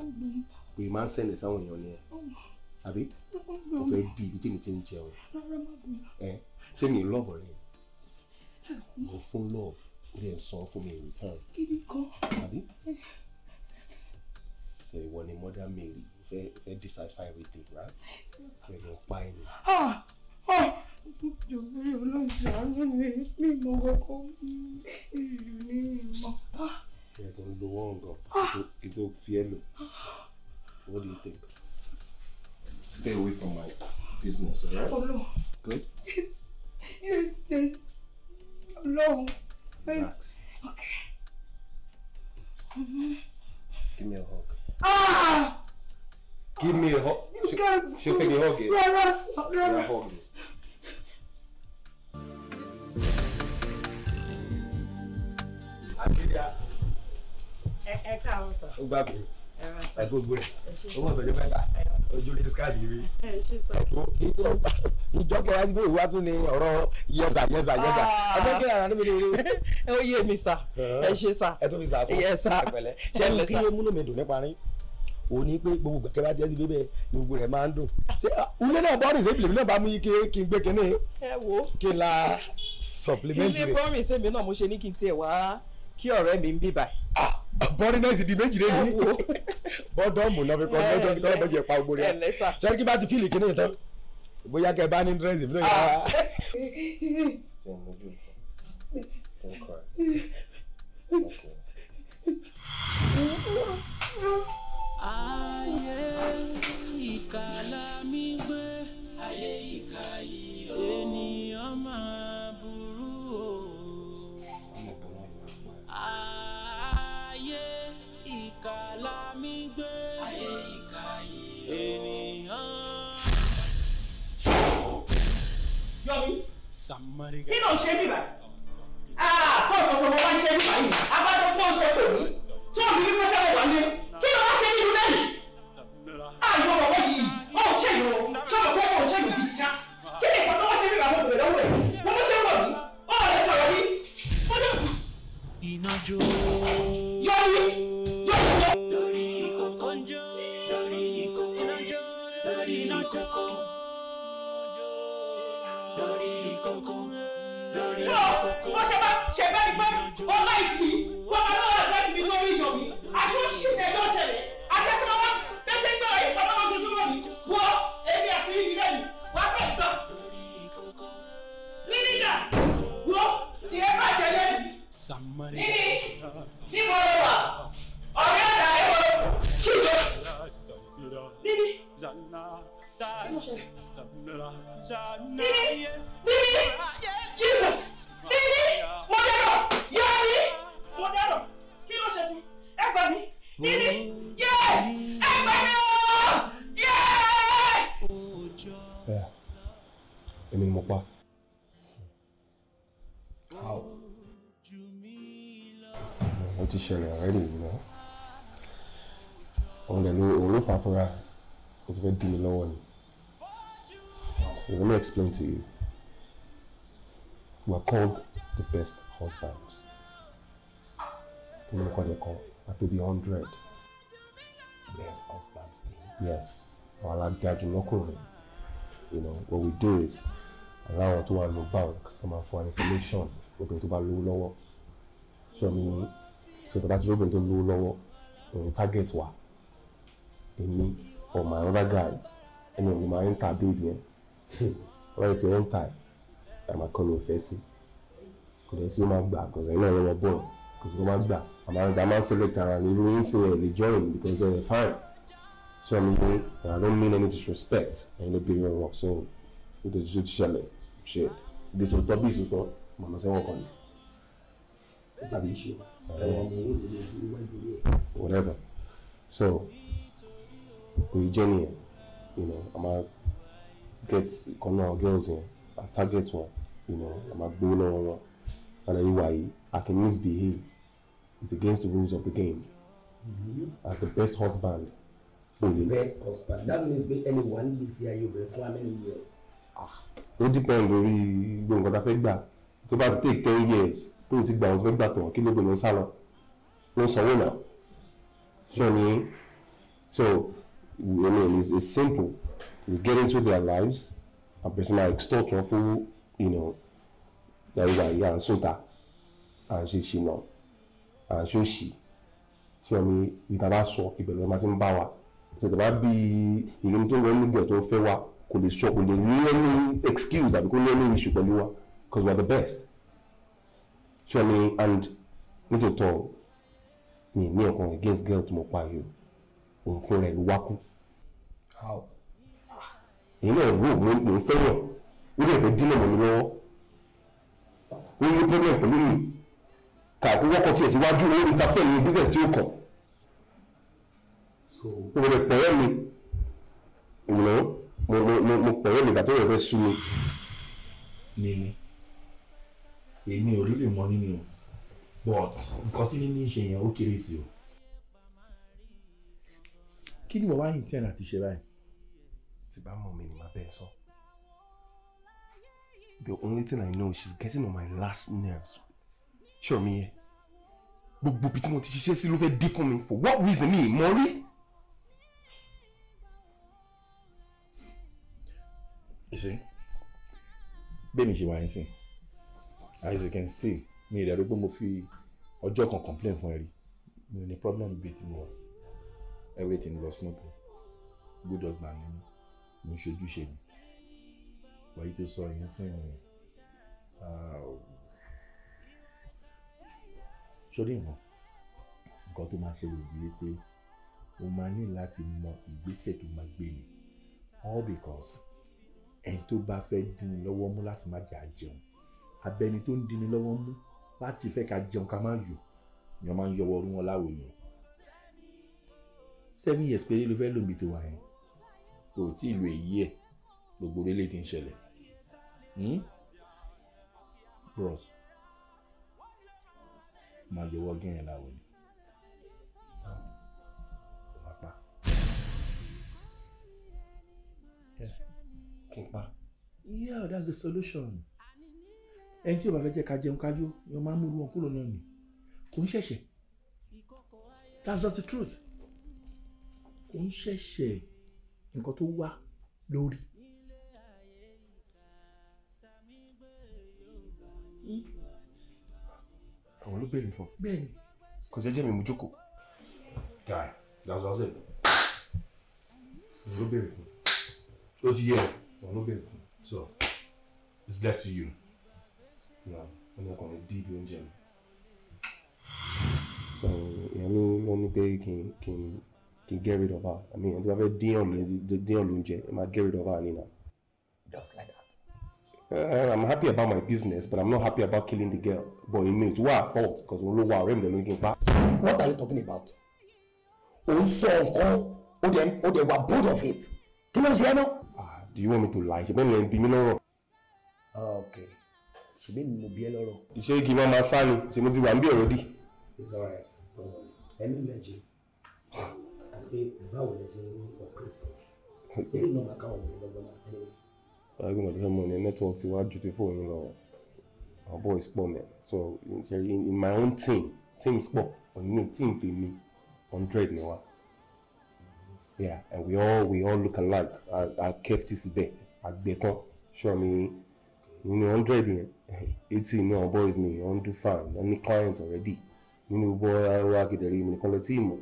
[SPEAKER 6] pé máa ń send ẹ̀ sáwọn èèyàn ni ẹ àbí o fẹ́ di ibi tí mi ti ń jẹun ẹ ṣé mi lọ́ọ̀bù rẹ fún love ó dẹ̀ ń san fún in return. kí ni kọ́. àbí so ìwọ ni mother mary fẹ́ fẹ́ decipher everything right fẹ́ lọ pa ẹ ni.
[SPEAKER 2] jòwúrẹ́ olóòṣàánú mi mi mọ̀
[SPEAKER 1] kọ́kọ́ ìlú ní ìmọ̀.
[SPEAKER 6] bẹ́ẹ̀ tó ń lo wọ́n gan.
[SPEAKER 4] Julius Kasiri ìjọ kẹwàá ti gbé ìwà tún ni ọ̀rọ̀ yẹsà yẹsà yẹsà ọjọ́ ah. kẹwàá ní mi rere. ó yé mi sà ẹ ṣe sà ẹ tún mi sà fún ẹ sà pẹ̀lẹ́ ṣé mo kí yé múnú mi dùn nípa rí òun ni pé gbogbo gbàgbé bá tiẹ̀ ti bíbẹ̀ gbogbo rẹ̀ máa ń dùn ṣé ah, ilé náà bọ́ọ̀rì ṣé bìlìbìlì náà bá mú yí kí n gbé kinní kí n la supplementary. ilé promise mi náà mo ṣe ní kí n tiẹ̀ wá kí ọ̀rẹ́ mi ń bíbà. ah bọ́rínẹ́sì di méjì lé ní bọ́dọ̀mù náà fi kọ́ lọ́jọ́ sí kọ́lọ́bẹ̀jì ẹ̀pá ògbó rẹ̀ sẹ́ni kí bá ti fíìlì kíní tán bóyá kẹ́ ẹ bá ní dírẹ́sì mi
[SPEAKER 2] náà yà ayé ìkàlà.
[SPEAKER 4] kí ló ń ṣe bíbá ah, sọ ọ̀tọ̀ tó wọ́n wá ń ṣe bíbá yìí abájọ tó ń ṣe pè mí tí ò ní bí wọ́n ṣe wà
[SPEAKER 2] ní kí ló wá ṣe nínú lẹ́yìn àìmọ̀ ah, bàbá yìí ó ń ṣèlú
[SPEAKER 3] ṣọ́ọ̀bù tó ń ṣèlú gidi ṣá kí ni ìpàdé wọ́n ṣe bíbá mo bèrè
[SPEAKER 4] lọ́wọ́ ẹ̀ mo mú ṣe wọ̀ mí ó lè sọ̀rọ̀ mi.
[SPEAKER 2] iná jó yọrí. ṣẹ̀fẹ́ ni pé ọlá ìpín wọn lọ́wọ́ ẹ̀fẹ́ ti fi lórí ìyọ̀ mi àṣọ ṣìṣẹ́ ẹjọ́ ṣẹlẹ̀ àṣẹ tí wọ́n bẹ́sẹ̀ gbọ́ yìí pàtó máa dojúmọ́ mi wọ èmi àti ìrẹ́ mi wá fẹ́ gbọ́. lílídà wo tí ẹ bá jẹ lẹ́nu. níní níbo ló wà ọ̀rẹ́ àdá ẹ̀ wọ jíjọ. níní níbo ṣẹlẹ̀ níní níní Jesus èmi mo dẹ̀rọ̀ yá mi mo dẹ̀rọ̀ kí ló ṣe fún ẹ gbà mí èmi yẹ ẹ gbà mí o yẹ.
[SPEAKER 6] ẹ èmi ni mo pa. How? ó ti ṣẹlẹ̀ ọ̀rẹ́ rèé òun lè ló fà á fúnra tó fẹ́ dì mí lọ́wọ́ ni so let me explain to you are called the best husbands. You know what they call? A tó bí hundred.
[SPEAKER 4] Best husbands team.
[SPEAKER 6] Yes, àwọn alágbájú lọ́kùnrin. You know, what we do is aláwọ̀ tó wà ní bank tó máa fún information obìnrin tó to lówó lọ́wọ́. Ṣé mi ṣe tọ́lá that's rí obìnrin to lówó lọ́wọ́ òun target in me or my other guys ẹni òun máa ń ta bíi ìyẹn. Ọ̀rẹ́ ti ń ta àmà kọ́ ló fẹ́ sí kò dẹ̀ sí ó máa gbà kò sẹ́yìn náà lọ́wọ́ bọ̀ kò sí ó máa gbà àmà ọ̀tá máa ń select ara ní irú sí ẹ̀ lè join because ẹ̀ fine so àmì yẹn I don't mean any disrespect ẹ̀yin ló bèrè ọ̀rọ̀ so ó ti tún ti ṣẹlẹ̀ ṣe ibi ìṣòtọ́ bí ìṣòtọ́ màmá sẹ́wọ̀n kan ni tàbí ṣe whatever so kò yí jẹ́ nìyẹn you know àmà get ìkànnà girls yẹn. I target one, you know I'm a bowler, lọ́wọ́ wọn ọ̀nà ìwà I can misbehave it's against the rules of the game mm-hmm. as the best husband. The best
[SPEAKER 4] husband that means pé anyone lè ṣe ayọ̀bẹ fún how many years. Ah,
[SPEAKER 6] ó depend lórí gbogbo nǹkan tá a fẹ́ gbà tó take ten years to o ti gbà wọn tó fẹ́ gbà tán kí ló gbé lọ sá lọ ló sanwó náà ṣé o so I mean it's, it's simple we get into their lives. A person might extort wọn fún you know that à ń sòta à ń ṣe ṣìnà à ń ṣòṣì ṣé ọmọ ìta bá sọ ìbẹ̀rù ọmọ ti ń bá wa ìṣèjọba bá bí ìlú tó ń wọnú don't tó ń fẹ́ wa kò lè sọ kò lè ní excuse that kò ní really issue pẹ̀lú wa because we are the best ṣé me and nítòótọ́ mi me ọkàn against girl to mo pa yìí òun fúnra ẹ̀ how èyí náà wò mo mo ń fẹ́yàn ó lè fẹ́ dínà mọ́ mi lọ́wọ́ ó ní problem pẹ̀lú mi kàkó wọ́kọ̀ tiẹ̀ síwájú owó mi fẹ́ mi business tí ó kàn ó lè pẹ̀rẹ́ mi ìwòlò mo mo mo pẹ̀rẹ́ mi ìgbà tó yẹ fẹ́ sú mi.
[SPEAKER 5] nínú èmi ò rí lè mọ nínú o but nǹkan tí níní ṣe yẹn ó kéré sí o. kí ni wọ́n wá yìí tí ẹ̀ náà ti ṣe báyìí tí bá mọ̀ mi ni màá bẹ́ẹ̀ sọ.
[SPEAKER 6] the only thing I know she's getting on my last nerves. ṣé mi yẹ gbogbo ibi tí mo ti ṣiṣẹ́ sí ló fẹ́ dín fún mi for what reason
[SPEAKER 5] mi ì mọ̀ rí. ìṣe bẹ́ẹ̀ni ṣe wà yín sìn as you can see mi ìrẹ̀rú pé mo fi ọjọ́ kan complain fún ẹ rí mi ò ní problem bíi ti mo wà everything lọ smoothly good husband ni mi mo ń ṣojúṣe mi wàyí tó sọ yẹn sìn sórí ah, nǹkan nǹkan tó máa ṣẹlẹ̀ yìí wípé o máa ní láti mọ ìgbésẹ̀ tó máa gbé ni all because ẹni tó bá fẹ́ dín in lọ́wọ́ mú láti má jà jẹun abẹni tó ń dín in lọ́wọ́ mú láti fẹ́ ká jẹun ká má yò ni wọ́n máa ń yọwọ́ ọdún wọn láwòrán seven years péré ló fẹ́ lòmìtì wà kò tí ì lo èyí ẹ̀ gbogbo orílẹ̀ ti ń ṣẹlẹ̀ hmm? bros máa yọwọ́ gírin láwọn ni máa pa. kí n pa. yeah that's the solution ẹni tí o bá fẹ́ jẹ́ ká jẹun kájú ni o máa ń múlu wọn kúrò náà ni kò ń ṣẹ̀ṣẹ̀ that's not the truth kò ń ṣẹ̀ṣẹ̀ nǹkan tó wà lórí.
[SPEAKER 6] àwọn ló béèrè fún. bẹ́ẹ̀ni. kò jẹ́jẹ́ mi mú jókòó.
[SPEAKER 5] guy that's that's it. àwọn ló béèrè fún. ó ti yẹ
[SPEAKER 6] àwọn ló béèrè fún. so it's left to you. na ọmọ ọkùnrin dí ibi oúnjẹ mi. so ìyẹn ló lọ ní pé kí n kí n. Can get rid of her i mean ẹni tí have a díyàn The díyàn mi jẹ ẹ máa get rid of her nina. just like that. Uh, i'm happy about my business but i'm not happy about killing the girl but it means it's why i fault because òun ló wá ọ̀rẹ́ mi lẹ́nu kí n what are you talking about?
[SPEAKER 4] òun sọ nǹkan Oh, they, ó dẹ̀ wà bold of it kí ló ń
[SPEAKER 6] ah do you want me to lie ṣe bẹ́ẹ̀ ni ẹ̀ ń bi mí lọ́rọ̀.
[SPEAKER 4] me ṣèbí mi mo bí ẹ lọ́rọ̀. ìṣe
[SPEAKER 6] igi máa ma sá ni ṣe mo it's alright
[SPEAKER 4] don't worry ẹni lẹ́jẹ̀ pé báwo lẹ ṣe ń operate ilé ìnáwó káwọn ọmọ ìlọgbọn náà ẹni.
[SPEAKER 6] alágbèmọ̀ tó fẹ́ mọ̀ ni network ti wá ju ti fóònù lọ our boys pọ̀ mẹ́ so in, in my own team teams pọ̀ nínú team me. hundred ni wa yeah and we all we all look alike akẹ́fìtì síbẹ̀ àgbẹ̀kan ṣọ́ mi nínú hundred yẹn eighty inú our boys mi wọ́n do fine wọ́n ní client already nínú gbogbo ara wa kìdẹ̀rẹ́ mi nìkan lọ tí ì mọ̀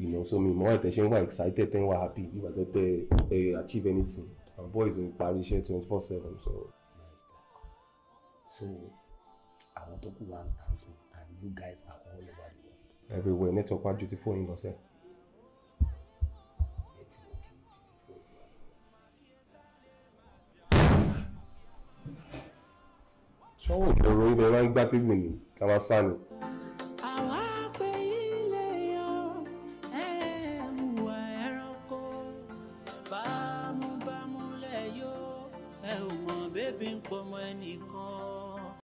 [SPEAKER 6] you know so me more attention, ìtẹ̀sẹ̀ excited then wá happy bí wàá tẹ́pẹ́ ẹ achieve anything and boys ń parí iṣẹ́ twenty four seven so. nice so
[SPEAKER 4] I tó kù wá ń tàn and you guys are all over the
[SPEAKER 6] world. everywhere network wa ju ti fóònù lọ sẹ́ẹ̀. ṣọ́wọ́ ìdọ̀rọ̀ ibẹ̀ máa ń gbá tèmi ni ká máa sá ni.